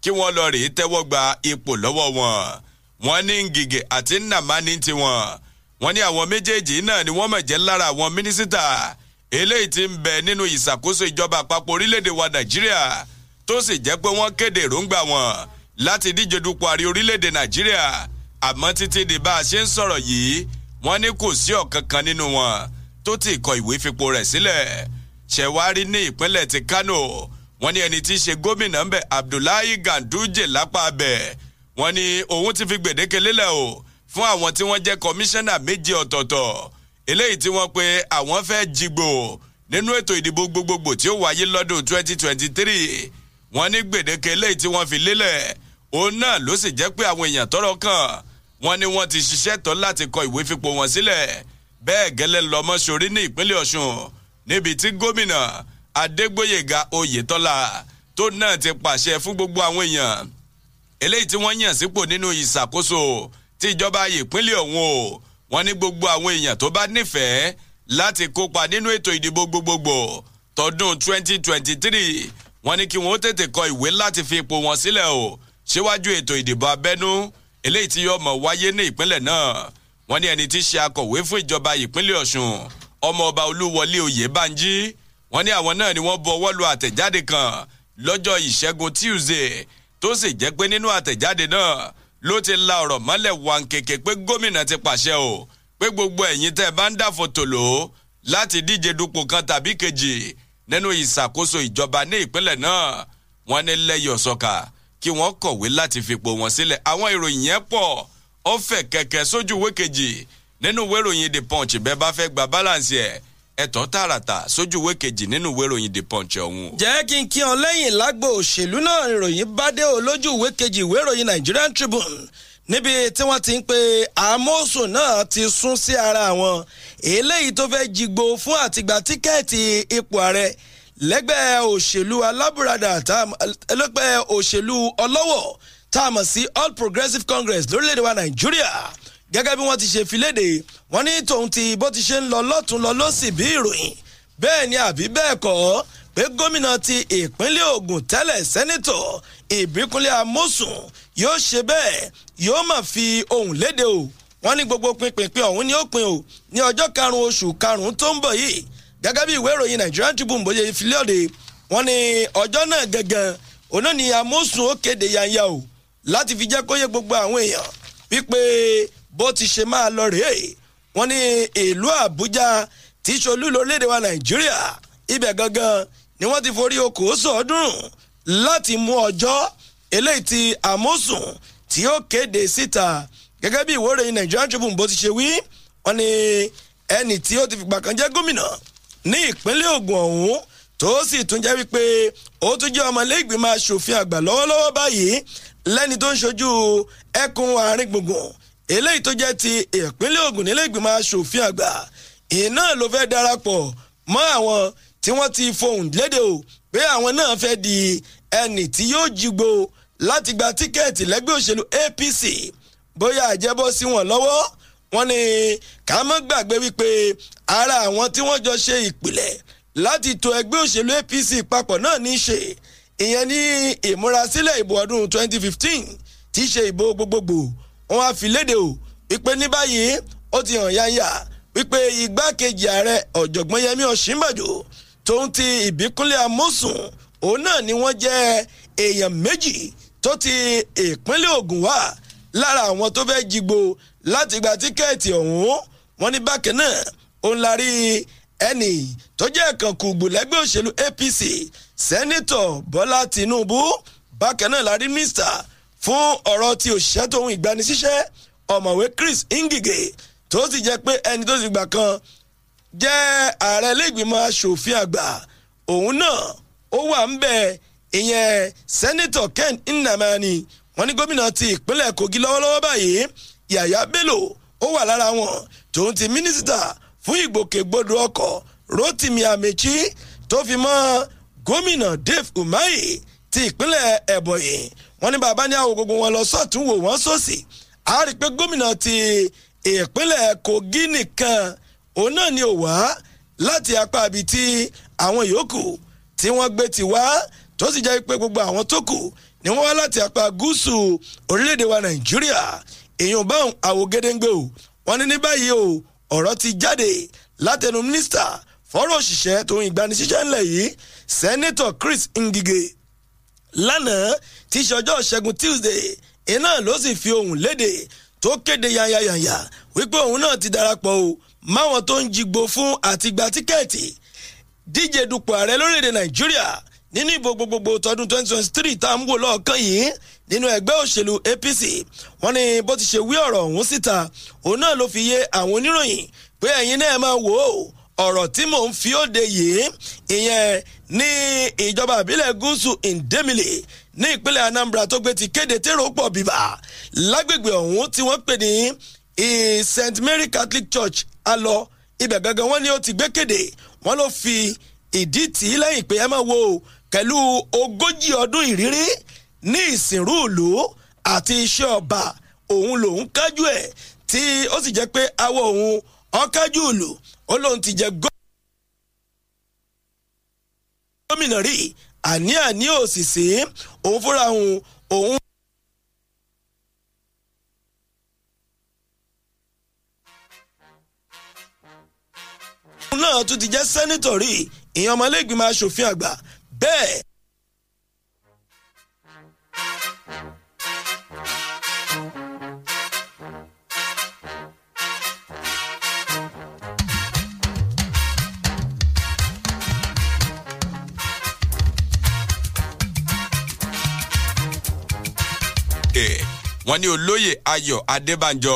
Speaker 4: kí wọ́n lọ rèé tẹ́wọ́ gba ipò lọ́wọ́ wọn wọn ní ngige àti nnamani tiwọn wọ́n ní àwọn méjèèjì náà ni wọ́n mọ̀jẹ́ lára àwọn mínísítà eléyìí ti ń bẹ nínú ìṣàkóso ìjọba àpapọ̀ orílẹ̀-èdè wa nàìjíríà tó sì jẹ́ pé wọ́n kéde èròǹgbà wọn láti díje dupò àrí orílẹ̀-èdè nàìjíríà àmọ́ títí di bá a ṣe ń sọ̀rọ̀ yìí wọ́n ní kò sí ọ̀kankan nínú wọn tó ti kọ ìwé fipò rẹ̀ sílẹ̀ ṣẹ̀wárí ní ìpínlẹ̀ ti kano wọ́n ní ẹni tí í ṣe gómìnà ń bẹ abdullahi ganduje lápá abẹ wọ́n ní òun ti fi gbèdéke lélẹ̀ o fún àwọn tí wọ́n jẹ́ kọmíṣánná méje ọ̀tọ̀ọ̀tọ̀ eléyìí tí wọ́n pe àwọn fẹ́ jigbò nínú ètò ìdìbò gbogbogbò tí ó wáyé lọ́dún 2023 wọ́n ní gbèdéke eléyìí tí wọ́n fi lélẹ̀ òun náà ló sì jẹ́ pé àwọn èèyàn tọ́rọ̀ kàn wọ́n ní wọ́n ti ṣiṣẹ́ tán láti kọ ìwé fipò wọn sílẹ̀ bẹ́ẹ̀ gẹ́lẹ́ lọ́mọ sórí ní ìpínlẹ̀ Ọ̀ṣun níbi tí gómìnà Adégbóyèga Oyètọ́lá tó náà ti pàṣẹ fún gbogbo àwọn èèyàn eléyìí tí wọ́n yàn sípò nínú ìṣàkóso tí ìjọba ìpínlẹ̀ ọ̀hún o wọ́n ní gbogbo àwọn èèyàn tó bá nífẹ̀ẹ́ láti kópa nínú ètò ìdìbò gbogbogbò tọdún 2023 wọ́n ní kí wọ́n tètè kọ ìwé láti fi ipò wọn sílẹ̀ o síwájú ètò ìdìbò abẹ́nú eléyìí tí yóò mọ̀ wáyé ní ìpínlẹ̀ náà wọ́n ní ẹni tí ṣe akọ̀wé fún ìjọba ìpínlẹ̀ Ọ̀ṣun ọmọọba Olúwọlé Oyèbánjí wọ́n ní àwọn náà ni wọ́n bu ọwọ́ lu àtẹ̀jáde kan lọ́jọ́ ìṣẹ́gun Tuesday tó sì jẹ́ pé nínú àtẹ̀jáde náà ló ti la ọ̀rọ̀ mọ́lẹ̀ wankeke pé gómìnà ti pàṣẹ o pé gbogbo ẹ̀yin tẹ́ ẹ bá ń dàfò tòló láti díje dupò kan tàbí kejì nínú ìṣàkóso ìjọba ní ìpínlẹ̀ náà wọ́n ní lẹ́yọ̀ sọ́ka kí wọ́n kọ̀wé láti fipò wọn sílẹ̀ àwọn ìròyìn yẹn pọ̀ ó fẹ̀ kẹ̀kẹ́ sójú ìwé kejì nínú ìwé ìròyìn The Punch bẹ́ẹ̀ bá fẹ́ gba balance yẹn ẹ̀tọ́ tààràtà sójú ìwé kejì nínú ìwé ìròyìn the punch ọ̀hún.
Speaker 1: jẹ́ kí n kí ọ lẹ́yìn lágbo òṣèlú náà ìròyìn bá dé o lójú ìwé kejì ìwé ìròyìn Nigerian Tribune níbi tí wọ́n ti ń pe àmọ́sùn náà ti sún sí ara wọn eléyìí tó fẹ́ jigbo fún àtìgbà tíkẹ́ẹ̀tì ipò ààrẹ lẹ́gbẹ́ òṣèlú alábùradà lẹ́gbẹ́ òṣèlú ọlọ́wọ̀ tá a mọ̀ sí All Progressives Congress lórílẹ̀‐èdè wa Nàìjíríà gẹ́gẹ́ bí wọ́n ti ṣe fi léde wọ́n ní tòun ti bó ti ṣe ń lọ lọ́tún lọ lọ́sì bí ìròyìn bẹ́ẹ̀ ni àbí bẹ́ẹ̀ kọ́ pé gómìnà ti ìpínlẹ̀ ogun tẹ́lẹ̀ sẹ́nitọ̀ ìbíkúnlẹ̀ amósùn yóò ṣe bẹ́ẹ̀ yóò mà fi ohun léde o wọ́n ní gbogbo pinpinpin ọ̀hún ni ó pin o ní ọjọ́ karùn-ún oṣù karùn-ún tó ń bọ̀ yìí gẹ́gẹ́ bí ìwé ìròyìn nigerian tribune bóyá ìfilẹ̀ òde wọ́n ní ọjọ́ náà gangan òun amósùn ó kéde yanya o láti fi jẹ́ kó gbogbo àwọn èèyàn wípé bó ti ṣe máa lọ rèé wọ́n ní ìlú àbújá tí ṣolú lórílẹ̀ wa nàìjíríà ibẹ̀ gangan ni wọ́n ti forí okòó sọ̀ọ́dún láti mú ọjọ́ eléyìí ti àmúsùn tí ó kéde síta gẹ́gẹ́ bí ìwé ìròyìn nigerian tribune bó ti ṣe wí wọ́n ní ẹnì tí ó ti fìgbà kan jẹ́ gómìnà ní ìpínlẹ̀ ògùn ọ̀hún tó sì tún jẹ́ wípé ó tún jẹ́ ọmọ ilé ìgbìmọ̀ asòfin àgbà lọ́wọ́lọ́wọ́ báyìí lẹ́ni tó ń ṣojú ẹkùn àárín gbùngbùn eléyìí tó jẹ́ ti ìpínlẹ̀ Ògùn nílé ìgbìmọ̀ asòfin àgbà iná ló fẹ́ darapọ̀ mọ́ àwọn tí wọ́n ti fohùn léde o pé àwọn náà fẹ́ di ẹnì tí yóò jígbó láti gba tíkẹ́ẹ̀tì lẹ́gbẹ́ òṣèlú APC bóyá àjẹbọ́ sí wọn lọ́wọ́ wọn ni ká mọ́ gbàgbé wípé ara àwọn tí wọ́n jọ ṣe ìpìlẹ̀ láti tò ẹgbẹ́ òṣèlú APC papọ̀ náà ní í ṣe ìyẹn ní ìmúrasílẹ̀ ìbò ọdún 2015 tí í ṣe ìbò gbogbogbò wọn á fi léde o wípé ní báyìí ó ti hàn yáyà wípé igbákejì ààrẹ ọ̀jọ̀gbọ́n yẹmí ọ̀ṣínbàjò tóun ti ìbíkúnlé amósùn òun náà ni wọ́n jẹ́ èèyàn méjì tó ti ìpínlẹ̀ Ògùn wá lára àwọn tó fẹ́ jigbo láti gba tíkẹ́ẹ̀tì ọ̀hún wọ́n ní bákan náà òun la rí ẹnì tó jẹ́ ìkànkùgbò lẹ́gbẹ́ òṣèlú APC sẹ́nitọ̀ Bọ́lá Tinubu bákan náà la rí mísítà fún ọ̀rọ̀ ti òṣìṣẹ́ tóun ìgbanisíṣẹ́ ọ̀mọ̀wé Chris Ngige tó sì jẹ́ pé ẹni tó sì gbà kan jẹ́ ààrẹ iléègbìmọ̀ asòfin àgbà òun náà ó wà ń bẹ ìyẹn sẹ́nitọ̀ Ken Nnamani wọ́n ní gómìnà ti ìpínlẹ̀ Kogi lọ́wọ́lọ́wọ́ báyìí Yàyà Bello ó wà lára wọn tòun ti mínísítà fún ìgbòkègbodò ọkọ̀ Rotimi Amechi tó fi mọ́ gómìnà Dave Umahi ti ìpínlẹ̀ Ebonyi wọ́n ní bàbá ní àwọn gbogbo wọn lọ sọ́tún wò wọ́n sósì a rí i pé gómìnà ti ìpínlẹ̀ Kogi nìkan òun náà ni ò wá láti apá ibi tí àwọn yòókù tí wọ́n gbé ti wá tó sì jẹ́ pé gbogbo àwọn tó kù ni wọ́n wá láti apá gúúsù orílẹ̀-èdè wa Nàìjíríà èèyàn báwọn àwògedengbe o wọ́n ní ní báyìí o ọ̀rọ̀ ti jáde látẹnu mínísítà fọ́rọ̀ òṣìṣẹ́ tó ń ìgbanisíṣẹ́ ńlẹ̀ yìí sẹ́nẹ́tọ̀ Chris Ngige lánàá tí í ṣe ọjọ́ ṣẹ́gun tuesday iná ló sì fi ohùn léde tó kéde yanyanyanya wípé òun náà ti darapọ̀ o máwọn tó ń jigbó fún àti gba tíkẹ́ẹ̀tì díje dupò ààrẹ lórílẹ̀‐èdè nàìjíríà nínú ìbò gbogbogbò tọdún 2023 tá à ń wò lọ́ọ̀kan yìí nínú ẹgbẹ́ òṣèlú apc wọ́n ní bó ti ṣe wí ọ̀rọ̀ ọ̀hún síta òun náà ló fi yé àwọn oníròyìn pé ẹ̀yin náà máa wò ó ọ̀rọ̀ tí mò ń fi òde yìí ìyẹn ní ìjọba àbílẹ̀ gúúsù ndémilé ní ìpínlẹ̀ anambra tó gbé ti kéde tèrò pọ̀ bíbà lágbègbè ọ̀hún tí wọ́n pè ní st mary catholic church alọ ibẹ̀ gangan wọ́n ní ó ti gbé kéde wọ́n ló fi ìdí tì í lẹ́yìn pé ẹ máa wo pẹ̀lú ogójì ọdún ìrírí ní ìsìnrú ìlú àti iṣẹ́ ọba òun lòun kájú ẹ̀ tí ó sì jẹ́ pé awọ òun ọ̀kájú ìlú ó lóun ti jẹ gọ́ gómìnà rí àní àní òsìsì òun fúnra òun òun. náà tún ti jẹ́ sẹ́nítọ̀ rí ìyẹn ọmọlẹ́gbìmọ̀ asòfin àgbà bẹ́ẹ̀
Speaker 4: wọ́n ní olóyè ayọ̀ adébánjọ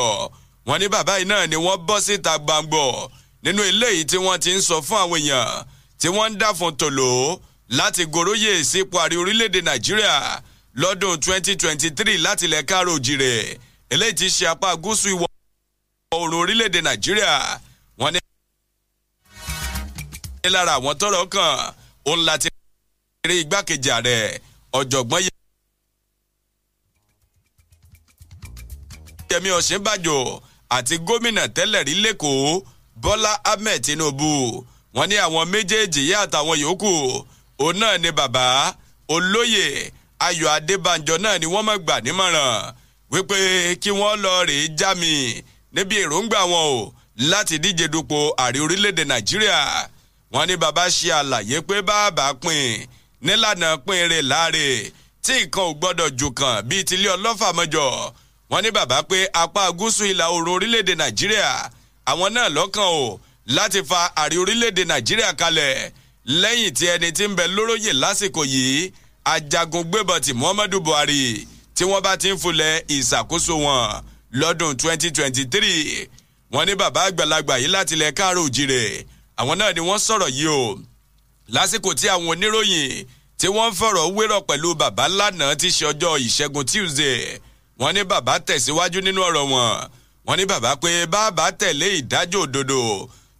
Speaker 4: wọ́n ní bàbá yìí náà ni wọ́n bọ́ síta gbangbo nínú ilé yìí tí wọ́n ti ń sọ fún àwọn èèyàn tí wọ́n ń dàfún tòló láti goróyè sípò àrí orílẹ̀-èdè nàìjíríà lọ́dún 2023 láti ilẹ̀ káàró òjìrè eléyìí ti ṣe apá gúúsù ìwọ̀ oòrùn orílẹ̀-èdè nàìjíríà wọ́n ní lára àwọn tọ́rọ̀ kàn òun láti rí igbákejì ààrẹ ọ̀jọ̀gbọ́n yẹn. yẹmi ọ̀ṣínbàjò àti gómìnà tẹ́lẹ̀ rí lẹ́kọ̀ọ́ bọ́lá ahmed tinubu wọ́n ní àwọn méjèèjì yá àtàwọn yòókù òun náà ni bàbá olóyè ayọ̀ adébánjọ náà ni wọ́n máa gbà nímọ̀ràn wípé kí wọ́n lọ rèé já mi níbi èròǹgbà wọn o láti díje dupò ààrẹ orílẹ̀-èdè nàìjíríà wọ́n ní bàbá ṣe àlàyé pé bàbá pín nílànà pín rè láre tí nǹkan ò gbọ́dọ̀ jù kàn bíi tilé ọlọ́fà mọ́jọ́ wọ́n ní bàbá pé apá gúúsù ìlà oòrùn orílẹ̀-èdè nàìjíríà àwọn náà lọ́kàn o láti fa àrí orílẹ̀-èdè nàìjíríà kalẹ̀ lẹ́yìn tí ẹni tí ń bẹ lóróyè lásìkò yìí ajagun gbébọn ti muhammadu buhari tí wọ́n bá ti ń fulẹ̀ ìṣàkóso wọn lọ́dún 2023 wọ́n ní bàbá àgbàlagbà yìí láti ilẹ̀ káàró òjìrè àwọn náà ni wọ́n sọ̀rọ̀ yìí o lásìkò tí àwọn oníròyìn tí wọ́n fọ̀rọ̀ wérọ̀ pẹ̀lú bàbá lánàá ti ṣe ọjọ́ ìṣẹ́gun tuesday wọ́n ní bàbá tẹ̀síwájú nínú ọ̀rọ̀ wọn wọ́n ní bàbá pé bàbá tẹ̀lé ìdájọ́ òdodo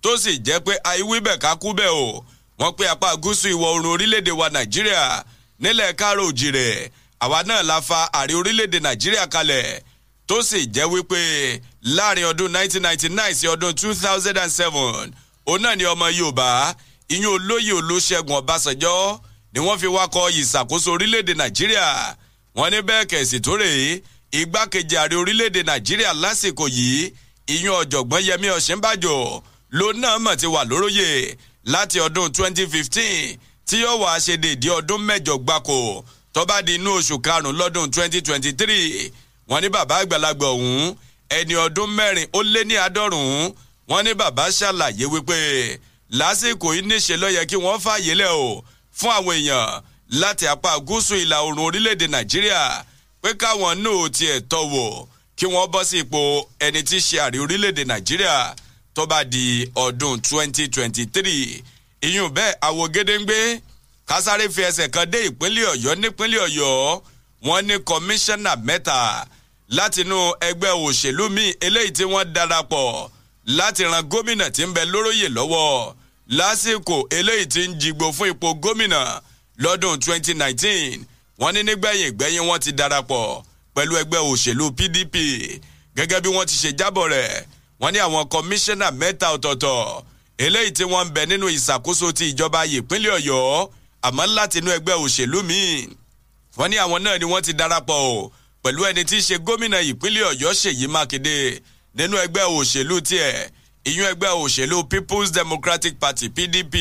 Speaker 4: tó sì jẹ́ pé àìwíbẹ̀ ká kú o wọ́n pé apá gúúsù ìwọ̀ oòrùn orílẹ̀-èdè wa nàìjíríà nílẹ̀ káàró òjìrè àwa náà la fa àrí orílẹ̀-èdè nàìjíríà kalẹ̀ tó sì jẹ́ wípé láàrin ọdún 1999 sí ọdún 2007 òun náà ni ọmọ yorùbá ìyún olóyè olóṣègùn ọbásanjọ́ ni wọ́n fi wákọ̀ ìṣàkóso orílẹ̀-èdè nàìjíríà wọ́n ní bẹ́ẹ̀ kẹ̀sì tó rèé igbákejì ààrẹ orílẹ̀-èdè nàìjíríà lásìkò yìí ìyún ọ̀jọ̀gbọ́n yẹmí ọ̀ṣínbàjò ló náà mọ̀ ti wà lóróyè láti ọdún 2015 tí yóò wá ṣe déédé ọdún mẹ́jọ gbáko tó bá di inú oṣù karùn-ún lọ́dún 2023 wọ́n ní bàbá àgbàlagbà ọ̀hún ẹni ọdún mẹ́rin ó lé ní àádọ́rùn-ún wọ́n ní bàbá ṣàlàyé wípé lásìkò yìí níṣe ló kí wọ́n fààyè lẹ̀ o fún àwọn èèyàn láti apá gúúsù ìlà oòrùn orílẹ̀-èdè nàìjíríà pé káwọn náà tiẹ̀ tọ́ wò kí wọ́n bọ́ sí ipò ẹni tí í ṣe ààrẹ orílẹ̀-èdè nàìjíríà tó bá di ọdún 2023 ìyún bẹ́ẹ̀ àwo gédéńgbé kásáré fi ẹsẹ̀ kan dé ìpínlẹ̀ ọ̀yọ́ nípínlẹ̀ ọ̀yọ́ wọ́n ní kọmíṣánná mẹ́ta látinú ẹgbẹ́ òṣèlú míì eléyìí tí wọ́n darapọ̀ láti ran gómìnà tí ń bẹ lóróyè lọ́wọ́ lásìkò eléyìí tí ń jigbó fún ipò gómìnà lọ́dún 2019 wọ́n ní nígbẹ̀yìn gbẹ̀yìn wọ́n ti darapọ̀ pẹ̀lú ẹgbẹ́ òṣèlú PDP gẹ́gẹ́ bí wọ́n ti ṣe jábọ̀ rẹ̀ wọ́n ní àwọn kọmíṣánná mẹ́ta ọ̀tọ̀ọ̀tọ̀ eléyìí tí wọ́n ń bẹ nínú ìṣàkóso ti ìjọba ìpínlẹ̀ Ọ̀yọ́ àmọ́ láti inú ẹgbẹ́ òṣèlú míì wọ́n ní àwọn náà ni wọ́n ti darapọ̀ o pẹ̀lú ẹni tí í ṣe gómìnà ìpínlẹ̀ Ọ̀yọ́ Ṣèyí Mákindé nínú ẹgbẹ́ òṣèlú tiẹ̀ ìyún ẹgbẹ́ òṣèlú People's Democratic Party PDP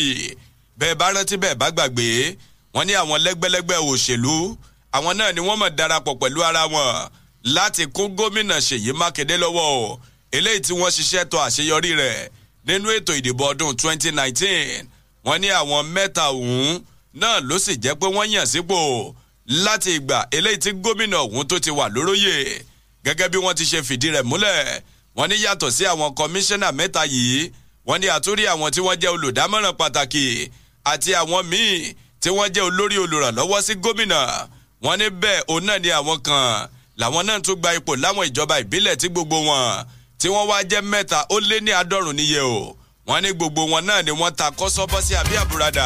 Speaker 4: bẹ́ẹ̀ bá rántí bẹ́ẹ̀ bá gbàgbé wọ́n ní àwọn lẹ́gbẹ́lẹ́gbẹ́ òṣèlú àwọn náà ni wọ́n mọ̀ darapọ̀ pẹ̀lú ara wọn láti kún gómìnà Ṣèyí Mákindé lọ́wọ́ eléyìí tí wọ́n ṣiṣẹ́ tó àṣeyọrí rẹ̀ nínú ètò ìdìbò ọdún 2019 wọ́n ní àwọn mẹ́ta ọ̀hún náà ló sì jẹ́ pé wọ́n yàn sípò láti ìgbà eléyìí tí gómìnà ọ̀hún tó ti wà lóróyè gẹ́gẹ́ bí wọ́n ti ṣe fìdí rẹ̀ múlẹ̀ wọ́n ní yàtọ̀ sí àwọn kọmíṣánná mẹ́ta yìí wọ́n ní àtúrí àwọn tí wọ́n jẹ́ olùdámọ̀ràn pàtàkì àti àwọn míì tí wọ́n jẹ́ olórí olùrànlọ́wọ́ sí gómìnà wọ́n ní bẹ́ẹ̀ òun náà ni àwọn kan làwọn náà tún gba ipò láwọn ìjọba ìbílẹ̀ tí gbogbo wọn tí wọ́n wá jẹ́ mẹ́ta ó lé ní àádọ́rùn-ún níye o wọ́n ní gbogbo wọn náà ni wọ́n ta kọ́sọ́bọ́sí àbí àbúradà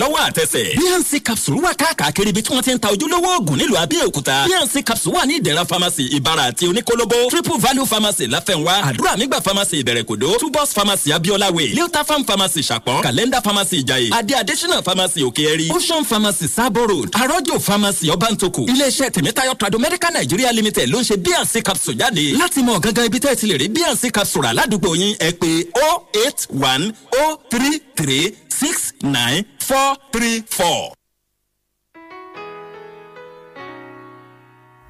Speaker 8: lọ́wọ́ àtẹsẹ̀. bnc capsule wà káàkiri ibi tí wọ́n ti ń ta ojúlówó oògùn nílùú abẹ́òkúta bnc capsule wà ní ìdẹ̀ra pharmacy ìbàrà àti oníkólóbó triple value pharmacy láfẹnwá àdúrà mígbà pharmacy two tubos pharmacy abiola way leota farm pharmacy sàpọ̀n calendar pharmacy ìjàyè adé additional pharmacy òkèèrè ocean pharmacy sabo road arọ́jò pharmacy ọbàntòkù iléeṣẹ́ tèmítáyọ̀ trado medical nigeria limited ló ń ṣe bnc capsule jáde láti mọ̀ gangan ibi tẹ́ ẹ ti lè rí bnc capsule aládùúgbò yín ẹ pé 08103 three six nine four three four.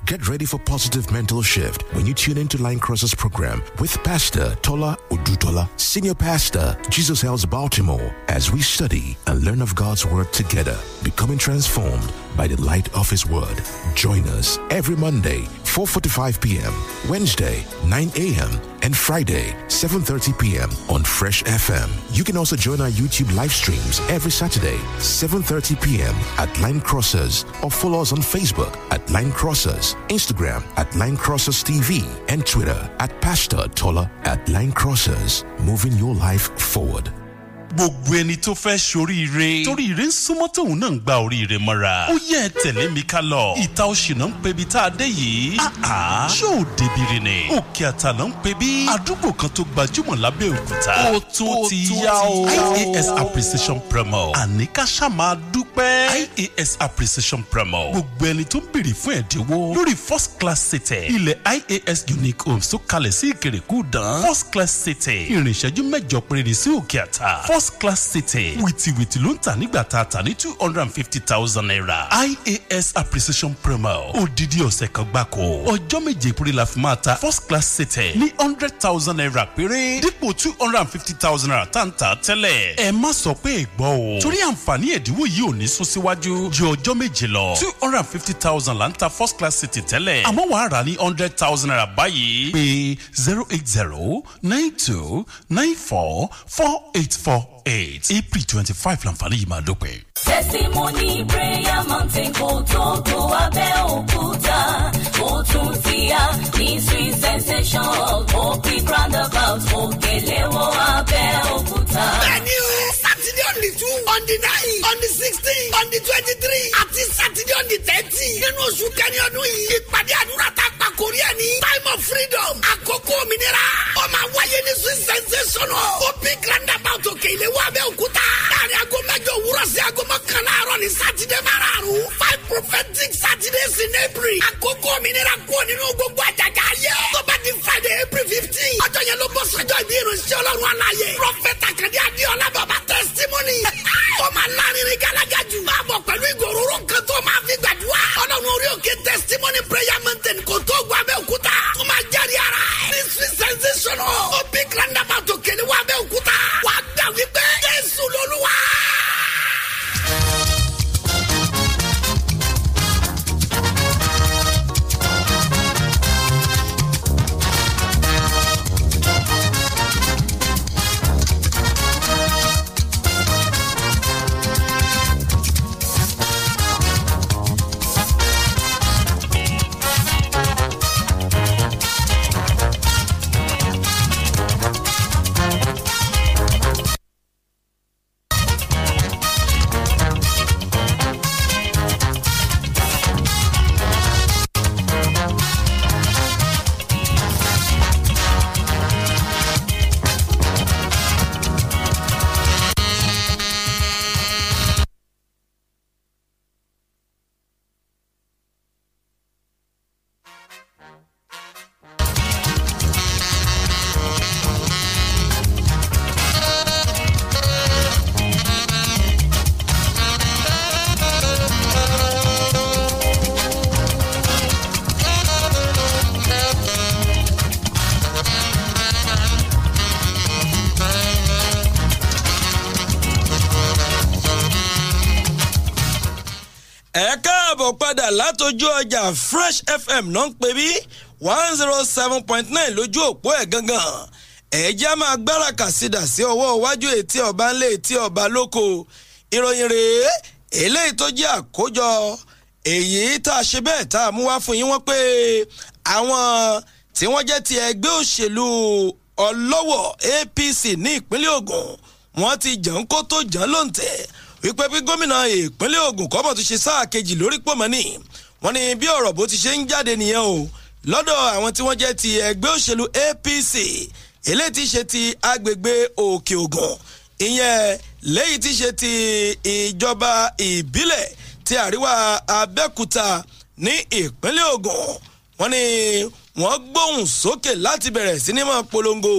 Speaker 2: Get ready for positive mental shift when you tune into Line Crossers program with Pastor Tola Odutola, Senior Pastor, Jesus Hells Baltimore, as we study and learn of God's Word together, becoming transformed by the light of His Word. Join us every Monday 4:45 p.m., Wednesday 9 a.m., and Friday 7:30 p.m. on Fresh FM. You can also join our YouTube live streams every Saturday 7:30 p.m. at Line Crossers, or follow us on Facebook at Line Crossers, Instagram at Line Crossers TV, and Twitter at
Speaker 3: Pastor Tola at Line Crossers. Moving your life forward. gbogbo ẹni tó fẹ́ soríire toríire ń súnmọ́ tóun náà ń gba oríire mọ́ra ó yẹ tẹ̀lé mi ká lọ ìta òṣìnà ń pebi tá a dé yìí àá ṣé ò débìrì ni òkè àtàlọ́ ń pebi àdúgbò kan tó gbajúmọ̀ lábẹ́ òkúta ó tó ti yá o IAS appreciation promo àní ká ṣá dúpẹ́ IAS appreciation promo gbogbo ẹni tó ń béèrè fún ẹ̀dínwó lórí first class city ilẹ̀ IAS unique homes tó kalẹ̀ sí ìkẹrẹ̀kú dán first class city ìrìnsẹ́jú mẹ́jọ péré sí òkè àtà first first class city wìtìwìtì ló ń tà nígbà tá two hundred and fifty thousand naira ias appreciation promo odidi ọ̀sẹ̀ kan gbáko ọjọ́ méje péré la fi máa ta first class city ní hundred thousand naira péré dípò two hundred and fifty thousand naira tá n ta tẹ́lẹ̀ ẹ má sọ pé ẹ gbọ́ o torí àǹfààní ẹ̀dínwó yìí ò ní sún síwájú ju ọjọ́ méje lọ two hundred and fifty thousand la ń ta first class city tẹ́lẹ̀ àmọ́ wàá rà ní hundred thousand naira báyìí pé zero eight zero nine two nine four four eight four eight april e twenty five lànfààní yìí máa dópin.
Speaker 5: testimony prayer mountain kò tó tó abẹ́ òkúta ó tún ti yá ní sweet sensation
Speaker 6: òkè roundabout òkèlèwọ̀ abẹ́ òkúta. bẹ́ẹ̀ni o sátidé ọ̀nì two on the nine on sixteen on twenty three àti sátidé ọ̀nì thirty nínú oṣù kẹrin ọdún yìí ìpàdé àdúrà tá a pa kórí ní time of freedom àkókò òmìnira ó wáyé ní sweet sensation o. ní sátidé márààrún five prophetic saturdays in april àkókò òmìnira kúrò nínú gbogbo àjàgà ayé tó bá di friday april fifteen ọjọ́ yẹn ló bọ́ sọ́jọ́ ìbí ìrìnsẹ̀ ọlọ́run aláyẹ prophet
Speaker 1: ẹ káàbọ̀ padà látojú ọjà Fresh FM náà ń pè bí one zero oh seven point nine lójú òpó ẹ̀ gangan ẹ̀jẹ̀ máa gbára kàsídà sí ọwọ́ iwájú etí ọba ńlẹ̀ etí ọba lóko ìròyìn rèé eléyìí tó jẹ́ àkójọ èyí tá a ṣe bẹ́ẹ̀ tá a mú wá fún yín wọ́n pé àwọn tí wọ́n jẹ́ ti ẹgbẹ́ òṣèlú ọlọ́wọ̀ APC ní ìpínlẹ̀ Ògùn wọ́n ti jàn kó tó jàn lóǹtẹ̀ wípé bí gómìnà ìpínlẹ̀ Ògùn kọ́mọ̀ ti ṣe sáà kejì lórí pòmọ́nì wọ́n ní bí ọ̀rọ̀ bó ti ṣe ń jáde nìyẹn o lọ́dọ̀ àwọn tí wọ́n jẹ́ ti ẹgbẹ́ òṣèlú APC eléyìí ti ṣe ti agbègbè Òkè Ògùn ìyẹn léyìí ti ṣe ti ìjọba ìbílẹ̀ ti àríwá Abẹ́òkúta ní ìpínlẹ̀ Ògùn wọ́n ní wọ́n gbóhùn sókè láti bẹ̀rẹ̀ sí polongo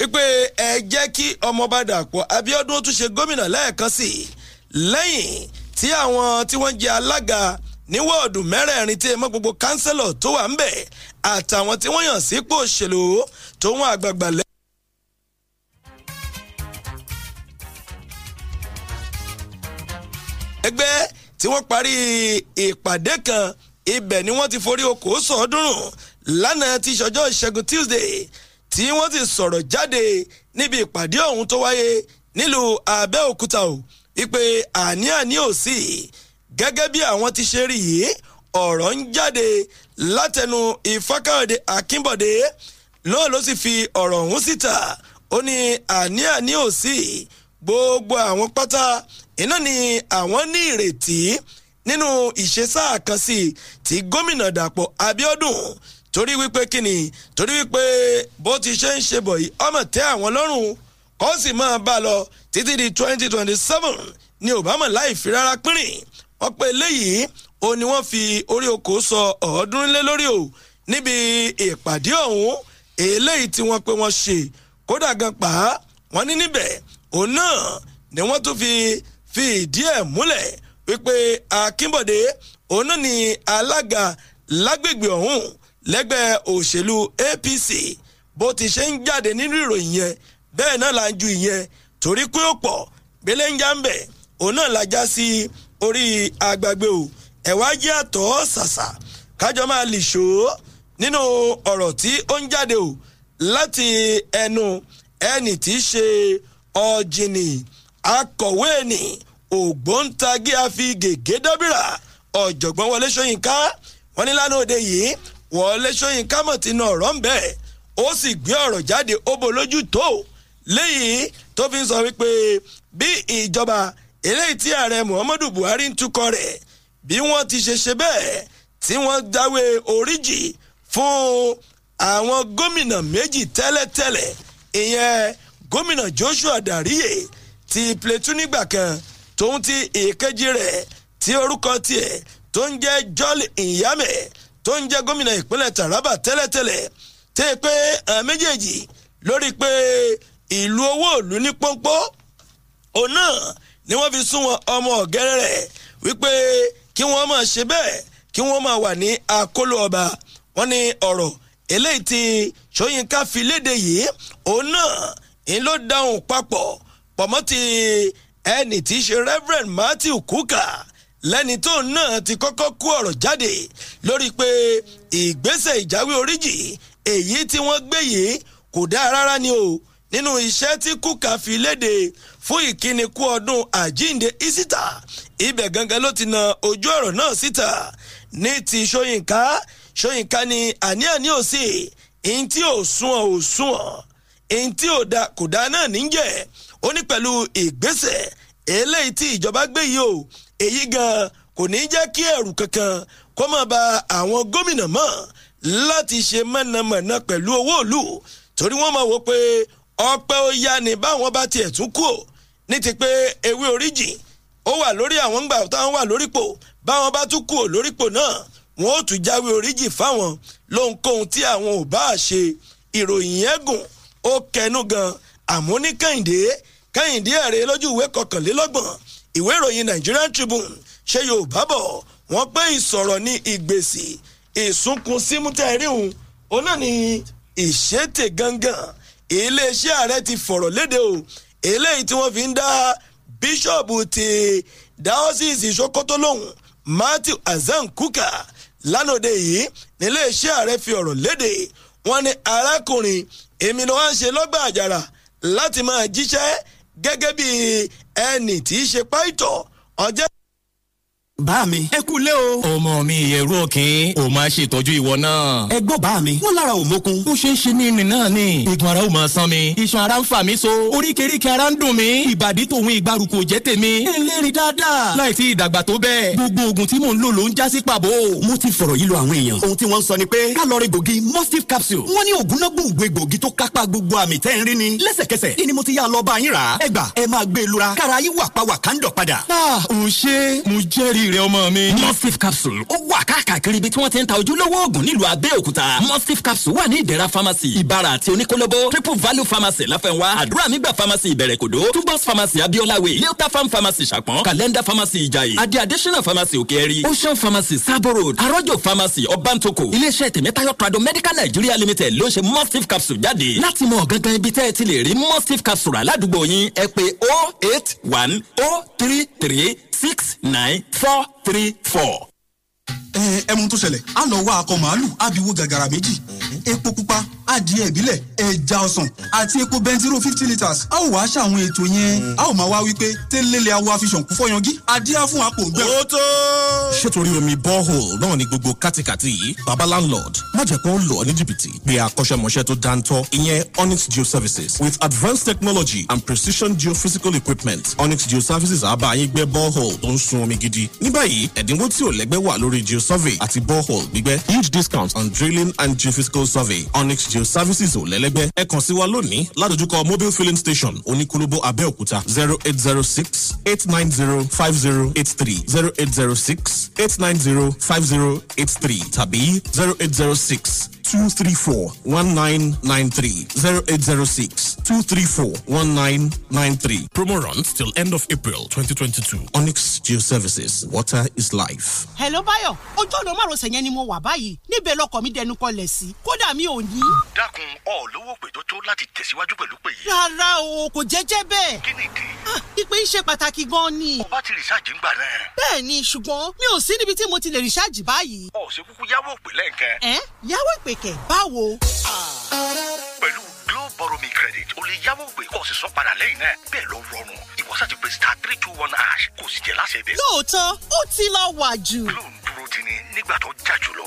Speaker 1: wípé ẹ jẹ́ kí ọmọọba Dàpọ̀ Abíọ́dún tún ṣe gómìnà lẹ́ẹ̀kan sí i lẹ́yìn tí àwọn tí wọ́n jẹ́ alága ní wọ́ọ̀dù mẹ́rẹ̀ẹ̀rin tí emọ́ gbogbo kánsẹ́lọ̀ tó wà ń bẹ̀ àtàwọn tí wọ́n yàn sípò òṣèlú tó wọn àgbààgbà lẹ́yìn. ẹgbẹ́ tí wọ́n parí ìpàdé kan ibẹ̀ ni wọ́n ti forí okò sọ̀ọ́dúnrún lánàá ti ṣọjọ́ ìṣẹ́gun tuesday tí wọ́n ti sọ̀rọ̀ jáde níbi ìpàdé ọ̀hún tó wáyé nílùú abẹ́òkúta o ipe àní-àní ò sí gẹ́gẹ́ bí àwọn ti ṣe rí yìí ọ̀rọ̀ ń jáde látẹnu ìfọ́kànde akínbọ̀dé náà ló sì fi ọ̀rọ̀ ọ̀hún síta ó ní àní-àní ò sí gbogbo àwọn pátá iná ni àwọn ní ìrètí nínú ìṣesáà kan sí ti gómìnà dàpọ̀ abiodun torí wípé kíni torí wípé bó ti ṣe ń ṣe bọ̀ yìí ọmọ tẹ́ àwọn lọ́rùn kó sì máa bá lọ títí di twenty twenty seven ní obama láì fi rárá pínrìn wọ́n pé eléyìí ó ní wọ́n fi orí oko sọ ọ̀ọ́dúnrún lé lórí o níbi ìpàdé ọ̀hún eléyìí tí wọ́n pé wọ́n ṣe kódà gan pa wọ́n ní níbẹ̀ òun náà ni wọ́n tún fi fi ìdí ẹ̀ múlẹ̀ wípé akínbọ̀dé òun náà ni alága lágbègbè ọ̀hún lẹ́gbẹ́ òṣèlú apc bó ti ṣe ń jáde nínú ìròyìn yẹn bẹ́ẹ̀ náà là ń ju ìyẹn torí pé ó pọ̀ gbélé ń já ń bẹ̀ òun náà la já sí orí agbágbé o ẹ̀wá jẹ́ àtọ̀ ṣàṣà kájọ máa lè ṣó nínú ọ̀rọ̀ tí ó ń jáde o láti ẹnu ẹni tí í ṣe ọ̀jìnì akọ̀wé ni ògbóǹtagí àfi gègé dábìrà ọ̀jọ̀gbọ́n wọlé ṣóyínká wọn ní lánàá òde yìí wọlé ṣóyínká mọ̀ tí náà ọ̀rọ̀ ń bẹ̀ ó sì gbé ọ̀rọ̀ jáde ó bo lójú tó léyìí tó fi ń sọ wípé bí ìjọba eléyìí tí ààrẹ muhammadu buhari ń tukọ̀ rẹ̀ bí wọ́n ti ṣe ṣe bẹ́ẹ̀ tí wọ́n dáwé oríjì fún àwọn gómìnà méjì tẹ́lẹ̀tẹ́lẹ̀ ìyẹn gómìnà joshua dariye ti plateau nígbà kan tóun ti èkejì rẹ̀ tí orúkọ tiẹ̀ tó ń jẹ́ jọ́lì ìyámẹ̀ tó ń jẹ́ gómìnà ìpínlẹ̀ taraba tẹ́lẹ̀tẹ́lẹ̀ tẹ́ pé àwọn méjèèjì lórí pé ìlú owó ìlú ní pópó òun náà ni wọ́n fi sún wọn ọmọ ọ̀gẹ́rẹ́ rẹ̀ wípé kí wọ́n máa ṣe bẹ́ẹ̀ kí wọ́n máa wà ní àkóló ọba wọ́n ní ọ̀rọ̀ eléyìí tí Ṣóyínká fi léde yìí òun náà ń ló dáhùn papọ̀ pọ̀mọ́ ti ẹnì tí í ṣe Reverend Matthew Kuka lẹ́ni tó náà ti kọ́kọ́ kú ọ̀rọ̀ jáde lórí pé ìgbésẹ̀ ìjáwé oríjì èyí tí wọ́n gbé yìí kò dáa rárá ni o nínú iṣẹ́ tí kúkà fi léde fún ìkíni kú ọdún àjíǹde ìsítà ibẹ̀ gangan ló ti na ojú ọ̀rọ̀ náà síta ní ti ṣóyínká ṣóyínká ni àní-àní ò sí èyí tí ò sunwọ̀n ò sunwọ̀n èyí tí ò da kò da náà níjẹ́ ó ní pẹ̀lú ìgbésẹ̀ eléyìí tí ìjọba gbé yìí o èyí gan kò ní jẹ́ kí ẹ̀rù kankan kó má ba àwọn gómìnà mọ́ láti ṣe mọ̀nàmọ̀nà pẹ̀lú owó òlù torí wọ́n máa wò pé ọpẹ́ ó yá ni báwọn bá tiẹ̀ tún kú ò ní ti pé ewé oríjì ó wà lórí àwọn ńgbà táwọn wà lórípò báwọn bá tún kú ò lórípò náà wọn ó tún jáwé oríjì fáwọn lóhunkóhun tí àwọn ò bá ṣe ìròyìn yẹn gùn ó kẹnu gan àmọ́ ní kẹ́hìndé kẹ́hìndé ẹ̀rẹ́ lójú ìwé kọkànlélọ́gbọ̀n ìwé ìròyìn Nigerian Tribune ṣe Yorùbá bọ̀ wọ́n pé ìsọ̀rọ̀ ní ìgbèsì ìsúnkun símútẹ́rìhùn òun náà ní ìṣètè gangan iléeṣẹ́ ààrẹ ti fọ̀rọ̀ léde o eléyìí tí wọ́n fi ń dá bíṣọ̀bù ti dáọ́sìsì Sokoto lóhùn Matthew Hasan Kuka lánàá yìí níléeṣẹ́ ààrẹ fi ọ̀rọ̀ léde wọ́n ní arákùnrin èmi ló wá ń ṣe lọ́gbà àjàrà láti máa jíṣẹ́ gẹ́gẹ́ bí
Speaker 8: ẹnì tí í ṣe pàìtọ́ ọjọ́ bá mi. ẹ kú o. ọmọ mi ìyẹ̀rú òkín o máa ṣètọ́jú ìwọ náà. ẹ gbọ́ bá mi. wọ́n lára ò mókun. ó ṣe ń ṣe ní ìrìn náà ni. igun ara ò máa san mi. iṣan ara ń fà mí so. oríkèéríkèé ara ń dùn mí. ìbàdí tòun ìgbàrúkọ jẹ́ tèmi. ẹlẹ́rìí dáadáa. láìsí ìdàgbà tó bẹ́ẹ̀. gbogbo oògùn tí mò ń lò ló ń já sí pàbó. mo ti fọ̀rọ̀ yìí lọ àwọn èèyàn. ohun tí wọ́n sọ ni pé kálọ̀rì gògì mustif capsule. wọ́n ní oògùn e lura. kára yín wà ah ò ṣe orí rẹ ọmọ mi. mustif capsule ó wà káàkiri ibi tí wọ́n ti ń ta ojúlówó oògùn nílùú abẹ́òkúta mustif capsule wà ní ìdẹ̀ra pharmacy ìbára àti oníkólóbó triple value pharmacy láfẹ́nwá àdúrà mígbà pharmacy ìbẹ̀rẹ̀kòdó tubos pharmacy abiolawe leota farm pharmacy ṣàpọ̀n calendar pharmacy ìjàyè adi additional pharmacy òkèèrè ocean pharmacy sabo road arọ́jọ pharmacy ọbàntoko iléeṣẹ́ tèmítáyọ̀ prado medical nigeria limited ló ń ṣe mustif capsule jáde láti mọ gangan ibi tẹ́ ẹ ti lè rí mustif capsule aládùúgbò yín ẹ pé 08103 three six nine four three four. Eh, ẹmu tó ṣẹlẹ̀ a lọ wá akọ màálù àbíwó gàgàrà méjì epo pupa adìẹ ìbílẹ̀ ẹja ọsàn àti epo bẹntiró fifty litres a ó wá ṣàwọn ètò yẹn a ó máa wá wípé
Speaker 3: télélẹ̀ awo àfihàn kú fọyangí adíá fún apò gbẹ. ó tó. ṣètòrí omi borehole náà ni gbogbo kátikàti yìí baba landlord má jẹ́ kó lọ ní jìbìtì pé akọ́ṣẹ́mọṣẹ́ tó dáńtọ́ ìyẹn onyx geoservices with advanced technology and precision geophysical equipment onyx geoservices àbá yín gbẹ́ borehole tó ń sun omi gidi ní báyìí ẹ̀dínwó tí ò lẹ́gbẹ́ wà lórí geos survey àti borehole gbígbẹ́ huge discount on drilling and geophysical survey onyx geo services ò lẹ́lẹ́gbẹ́ ẹ kàn sí wa lónìí ládojúkọ mobile filling station oníkólóbó abẹ́òkúta zero eight zero six eight nine zero five zero eight three zero eight zero six eight nine zero five zero eight three tàbí zero eight zero six. 234 1993 0806 234 1993. Promo runs till end of April 2022. Onyx Geoservices. Water is life.
Speaker 8: Hello, Bayo. Ojú ọ̀nà márosẹ̀ yẹn ni mo wà báyìí. Níbẹ̀ lọkọ̀ mi dẹnu kọlẹ̀ sí. Kódà mi ò ní. Dákun ọ̀ lówó pé tó tó láti tẹ̀síwájú pẹ̀lú pé yìí. Rárá o, kò jẹ́jẹ́ bẹ́ẹ̀. Kí ni ìdí? Ah, ìpè iṣẹ́ pàtàkì gan-an ni. Mo bá ti rìsáàjì ń gbà náà. Bẹ́ẹ̀ni, ṣùgbọ́n mi ò sí níbi tí mo ti lè rìsáàjì báyìí.
Speaker 6: Ọ̀ ṣe kúkú yáwó ìpè lẹ́ǹkan. Ẹ yáwó ìpè kẹ̀kẹ́ báwo.
Speaker 8: pẹ̀lú Glo borrow me credit o lè yáwó gbé kó o sì sọ padà lẹ́yìn náà bẹ́ẹ̀ ló rọrùn ìwọ sá ti pè star three two one ash kó o sì jẹ́ láṣẹ bẹ́ẹ̀. lóòótọ́
Speaker 6: ó ti lọ wà jù. Glo ń
Speaker 8: dúró ti ni nígbà
Speaker 1: tó jà jùlọ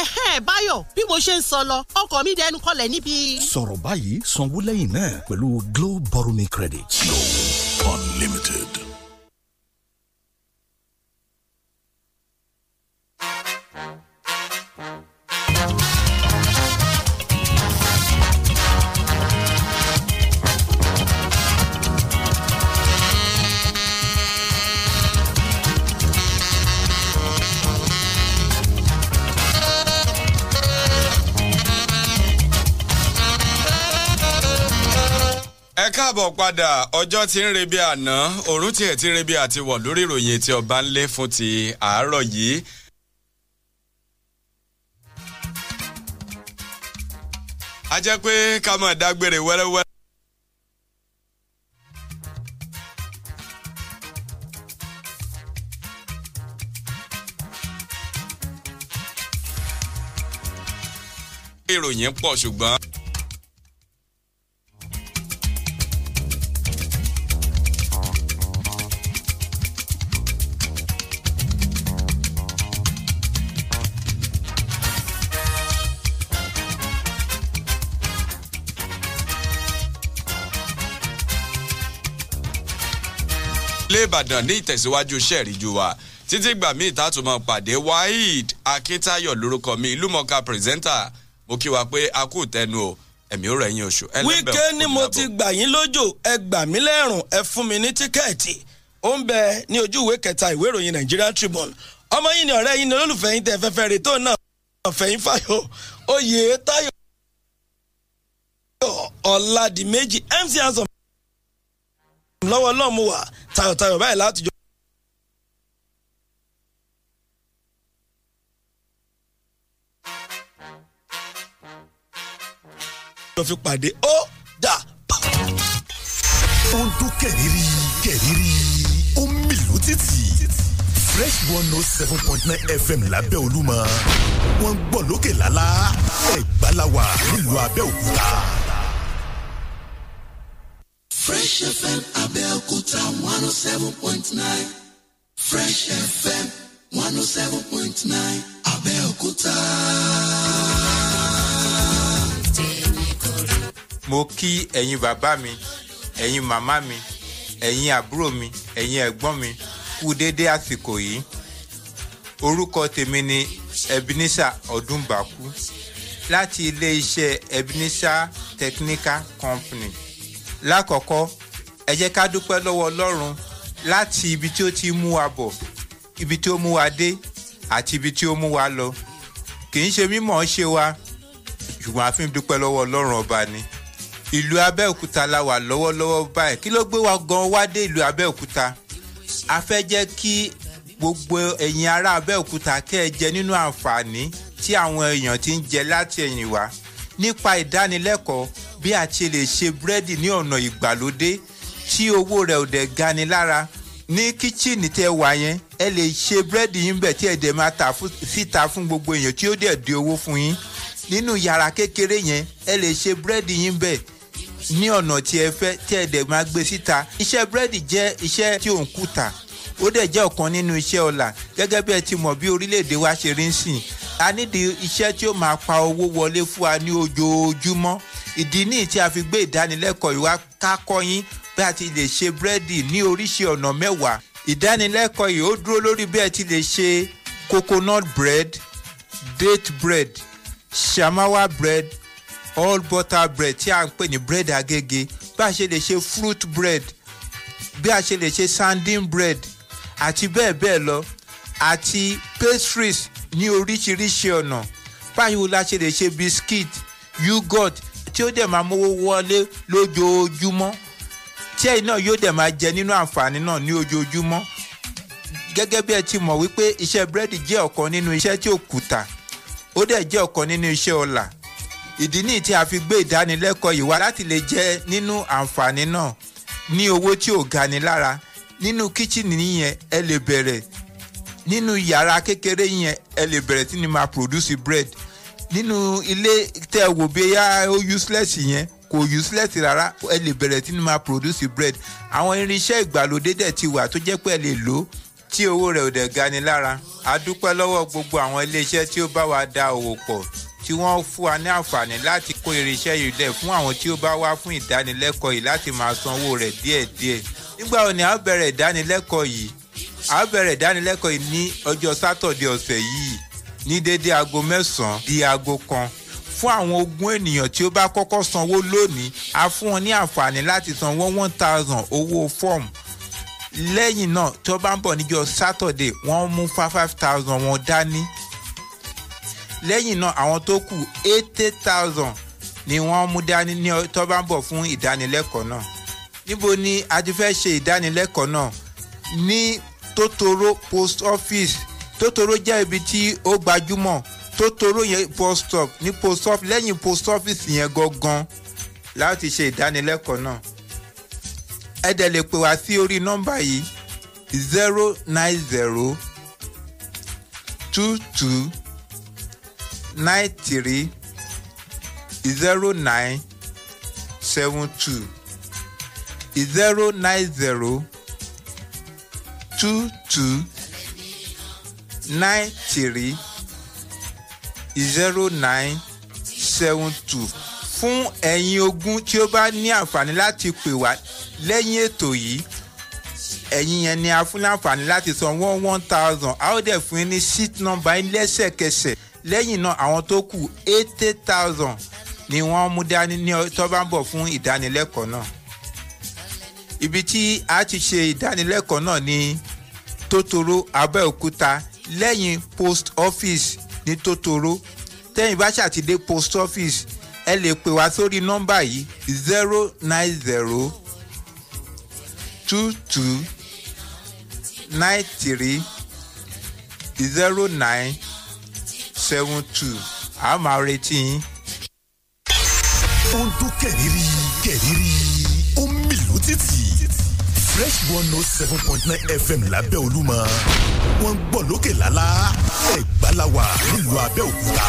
Speaker 8: ẹ̀hẹ́n báyọ̀ bí mo ṣe ń sọ lọ ọkọ̀ mi dẹnu kọlẹ̀ níbi. sọ̀rọ̀ báyìí sanwó lẹ́yìn náà pẹ̀lú Glo borrow me credit. Glo borrow
Speaker 4: ẹ káàbọ̀ padà ọjọ́ ti ń rebi àná òórùn tiẹ̀ ti ń rebi àti wọ̀ lórí ìròyìn etí ọba ńlẹ̀ fún ti àárọ̀ yìí. a jẹ́ pé ká máa dágbére wẹ́rẹ́wẹ́rẹ́. ìròyìn pọ̀ ṣùgbọ́n. Ìbàdàn ní ìtẹ̀síwájú iṣẹ́ ìríjú wa títí gbà mí ìtàtúmọ̀ pàdé Waheed Akíntayọ̀ lórúkọ mi ìlúmọ̀ọ́ká pírẹsẹ́ńtà mo kí wa pé a kú tẹnu o ẹ̀mí ó rẹ̀ yín oṣù. Wíkẹ́ ni
Speaker 1: mo ti gbà yín lójò ẹ gbà mí lẹ́rùn ẹ fún mi ní tíkẹ́ẹ̀tì ó ń bẹ ní ojú ìwé kẹta ìwé ìròyìn Nigerian Tribune ọmọ yìí ni ọ̀rẹ́ yìí ni olólùfẹ́ yín tẹ fẹ́fẹ́ rè tó náà ọ̀fẹ́yìn fáyọ̀ oyè táyọ̀ ọ̀làdìmẹ́jì MC Anson lọ́wọ́ lọ́mú wa tayọ̀tayọ̀ báyìí láti jọ. lọ fi pàdé ó dà. ó ń dún kẹ̀rìírí
Speaker 3: kẹ̀rìírí ó ń mì lótìtì fresh one oh seven point nine fm lábẹ́ olúmọ wọ́n ń gbọ́ lókè lálá ẹ̀gbá la wà nílùú abẹ́òkúta
Speaker 6: Fresh FM Abẹ́òkúta one oh Fresh FM 107.9 oh seven point nine oh Abẹ́òkúta.
Speaker 9: mo kí ẹ̀yin bàbá mi ẹ̀yin màmá mi ẹ̀yin àbúrò mi ẹ̀yin ẹ̀gbọ́n mi kú dédé àsìkò yìí orúkọ tèmi ni Ebenezer Ọdúnbàkú láti ilé iṣẹ́ Ebenezer Technical Company lákọ̀ọ́kọ́ ẹ jẹ́ ká dúpẹ́ lọ́wọ́ ọlọ́run láti ibi tí ó ti mú wa bọ̀ ibi tí ó mú wa dé àti ibi tí ó mú wa lọ kì í ṣe mímọ̀ ṣe wa ṣùgbọ́n a fi ń dúpẹ́ lọ́wọ́ ọlọ́run ọba ni ìlú abẹ́òkúta la wà lọ́wọ́lọ́wọ́ báyìí kí ló gbé wa gan wá dé ìlú abẹ́òkúta a fẹ́ jẹ́ kí gbogbo ẹ̀yin ará abẹ́òkúta kẹ́ ẹ jẹ nínú àǹfààní tí àwọn èèyàn ti ń jẹ láti ẹ̀yìn wá nípa ìdánilẹ́kọ̀ọ́ bí a ṣe lè ṣe búrẹ́dì ní ọ̀nà ìgbàlódé tí owó rẹ̀ ò dẹ̀ gani lára ní kíchìnì tẹ wà yẹn ẹ lè ṣe búrẹ́dì yín bẹ̀ tí ẹ dẹ̀ máa tà síta fún gbogbo èèyàn tí ó dẹ̀ di owó fún yín nínú yàrá kékeré yẹn ẹ lè ṣe búrẹ́dì yín bẹ̀ ní ọ̀nà tí ẹ fẹ́ tí ẹ dẹ̀ máa gbé síta iṣẹ́ búrẹ́dì jẹ́ iṣẹ́ tí ò kùtà ó dẹ̀ jẹ́ ọ̀kan nínú iṣẹ́ ọ̀la gẹ́gẹ́ bí ẹ ti mọ̀ bí orílẹ̀-èdè wa ṣe rí ń sìn a nídìí iṣẹ́ tí ó máa pa owó wọlé fún wa ní ojoojúmọ́ ìdí nìyí tí a fi gbé ìdánilẹ́kọ̀ọ́ ìwà kákọ́yín bí a ti lè ṣe búrẹ́dì ní oríṣi ọ̀nà mẹ́wàá ìdánilẹ́kọ̀ọ́ yìí ó dúró lórí bí ẹ ti lè ṣe coconut bread date bread shamawa bread all butter bread tí a ń pè ní bread agége bí a ṣe lè ṣe fruit bread bí a ṣe lè ṣe sandin bread àti bẹ́ẹ̀ bẹ́ẹ̀ lọ àti pastries ní oríṣiríṣi ọ̀nà báyìí la ṣe lè ṣe biscuit yogurt tí ó dẹ̀ máa mówó wọlé lójoojúmọ́ tí ẹ̀yin náà yóò dẹ̀ máa jẹ nínú àǹfààní náà ní ojoojúmọ́ gẹ́gẹ́ bí ẹ ti mọ̀ wípé iṣẹ́ búrẹ́dì jẹ́ ọ̀kan nínú iṣẹ́ tí òkúta ó dẹ̀ jẹ́ ọ̀kan nínú iṣẹ́ ọlà ìdí nìyí tí a fi gbé ìdánilẹ́kọ̀ọ́ yìí wá láti lè jẹ nínú àǹfààní náà ní owó tí ò ni lára nínú kíchìnì yẹn ẹ lè bẹ̀rẹ̀ nínú yàrá kékeré yẹn ẹ lè bẹ̀rẹ̀ tí ni máa produce bread nínú ilé tẹ́ ẹ wò bí yá ó useless yẹn kò useless rárá ẹ lè bẹ̀rẹ̀ tí ni máa produce bread àwọn irinṣẹ́ ìgbàlódé dẹ̀ ti wà tó jẹ́ pé ẹ lè lò ó tí owó rẹ̀ ò dẹ̀ ga lára a dúpẹ́ lọ́wọ́ gbogbo àwọn iléeṣẹ́ tí ó bá wa da òwò pọ̀ tí wọ́n fún wa ní àǹfààní láti kó irinṣẹ́ yìí lẹ̀ fún àwọn tí ó bá wá fún ìdánilẹ́kọ̀ọ́ yìí láti máa san owó rẹ̀ díẹ̀díẹ̀ nígbà wo ni a bẹ̀rẹ̀ ìdánilẹ́kọ̀ọ́ yìí a bẹ̀rẹ̀ ìdánilẹ́kọ̀ọ́ yìí ní ọjọ́ sátọ̀dẹ̀ ọ̀sẹ̀ yìí ní dédé aago mẹ́sàn-án di aago kan fún àwọn ogún ènìyàn tí ó bá kọ́kọ́ sanwó lónìí a fún wọn ní àǹfààní láti sanwó one thousand owó fọ́ọ̀mù lẹ́yìn náà tí wọ́n bá ń bọ̀ níjọ́ sátọ̀dẹ̀ wọ́n mú five thousand wọn dání lẹ́yìn náà àwọn tó kù eighty thousand ni wọ́n mú dání ní tó bá ń bọ̀ fún ìdánilẹ́kọ̀ọ́ náà níbo ni a ti fẹ́ ṣe ìdánilẹ́kọ̀ọ́ náà ní Totoro post office Totoro jẹ́ ibi tí ó gbajúmọ̀ Totoro yẹn post stop ní post office lẹ́yìn post office yẹn gangan láti ṣe ìdánilẹ́kọ̀ọ́ náà ẹ dẹ̀ lè pè wá sí orí nọ́mbà yìí zero nine zero two two nine three zero nine seven two zero nine zero two two nine three zero nine seven two fún ẹ̀yin ogún tí ó bá ní àǹfààní láti pè wá lẹ́yìn ètò yìí ẹ̀yin yẹn ni a fún láǹfààní láti san one one thousand a ó dẹ̀ fún yín ní sheet number yín lẹ́sẹ̀kẹsẹ̀ lẹ́yìn náà àwọn tó kù eighty thousand ni wọ́n mú dání ní tó bá ń bọ̀ fún ìdánilẹ́kọ̀ọ́ náà ibi tí a ti ṣe ìdánilẹ́kọ̀ọ́ náà ní Tòtòrò Abẹ́òkúta lẹ́yìn post office ní Tòtòrò tẹ́yìn bá ṣàtidé post office ẹ lè pè wá sórí nọ́mbà yìí zero nine zero two two nine three zero nine seven two a máa retí yín.
Speaker 3: ó ń dún kẹ̀rìírí kẹ̀rìírí ó ń mì títì fresh one note oh seven point nine fm lábẹ́ olúmọ wọ́n ń gbọ́ lókè lálá ẹ̀gbá la wà nílùú abẹ́òkúta.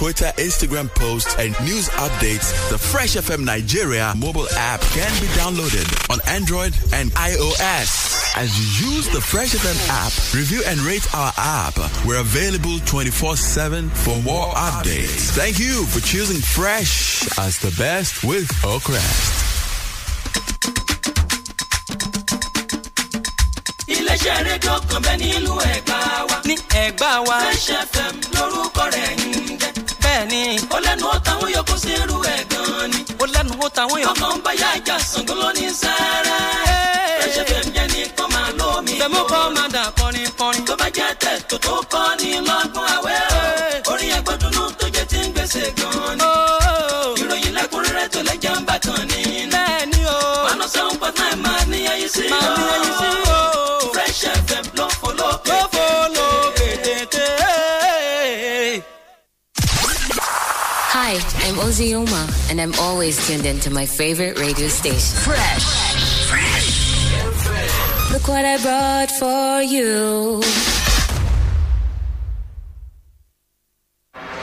Speaker 2: Twitter, Instagram posts, and news updates, the Fresh FM Nigeria mobile app can be downloaded on Android and iOS. As you use the Fresh FM app, review and rate our app. We're available 24 7 for more updates. Thank you for choosing Fresh as the best with Oakrest.
Speaker 1: iléeṣẹ́ rédíò kan bẹ́ẹ̀ nílùú ẹ̀gbá
Speaker 8: wa. ní ẹ̀gbá wa. Fresh FM lórúkọ rẹ̀ yìí. bẹ́ẹ̀ ni. ó lẹ́nu ó tàwọn yòókù sí irú ẹ̀ gan ni. ó lẹ́nu ó tàwọn yòókù. ọmọ ń bá yá ìjà Ṣàngó ló ní
Speaker 1: sáárá. ẹ̀ṣẹ̀ fẹ̀mí ẹni kan máa ló mi. fẹ̀mú kọ́ máa dà kọrin kọrin. tó bá jẹ́ tẹ̀ tó kọ́ ni lọ́gbọ́n àwẹ̀ o. orin ẹgbẹ́dúnú tó jẹ́ ti ń gbèsè gan ni. Oh! ìròyìn lẹ́kùnrẹ́rẹ́ tó lẹ́jà ń bà ni. bẹ́ẹ̀ ni o. one oh seven point máa níyẹn yìí sí o. o. Fresh FM ló
Speaker 7: Hi, I'm Ozzy and I'm always tuned in to my favorite radio station.
Speaker 1: Fresh. Fresh.
Speaker 5: Fresh. Look what I brought for you.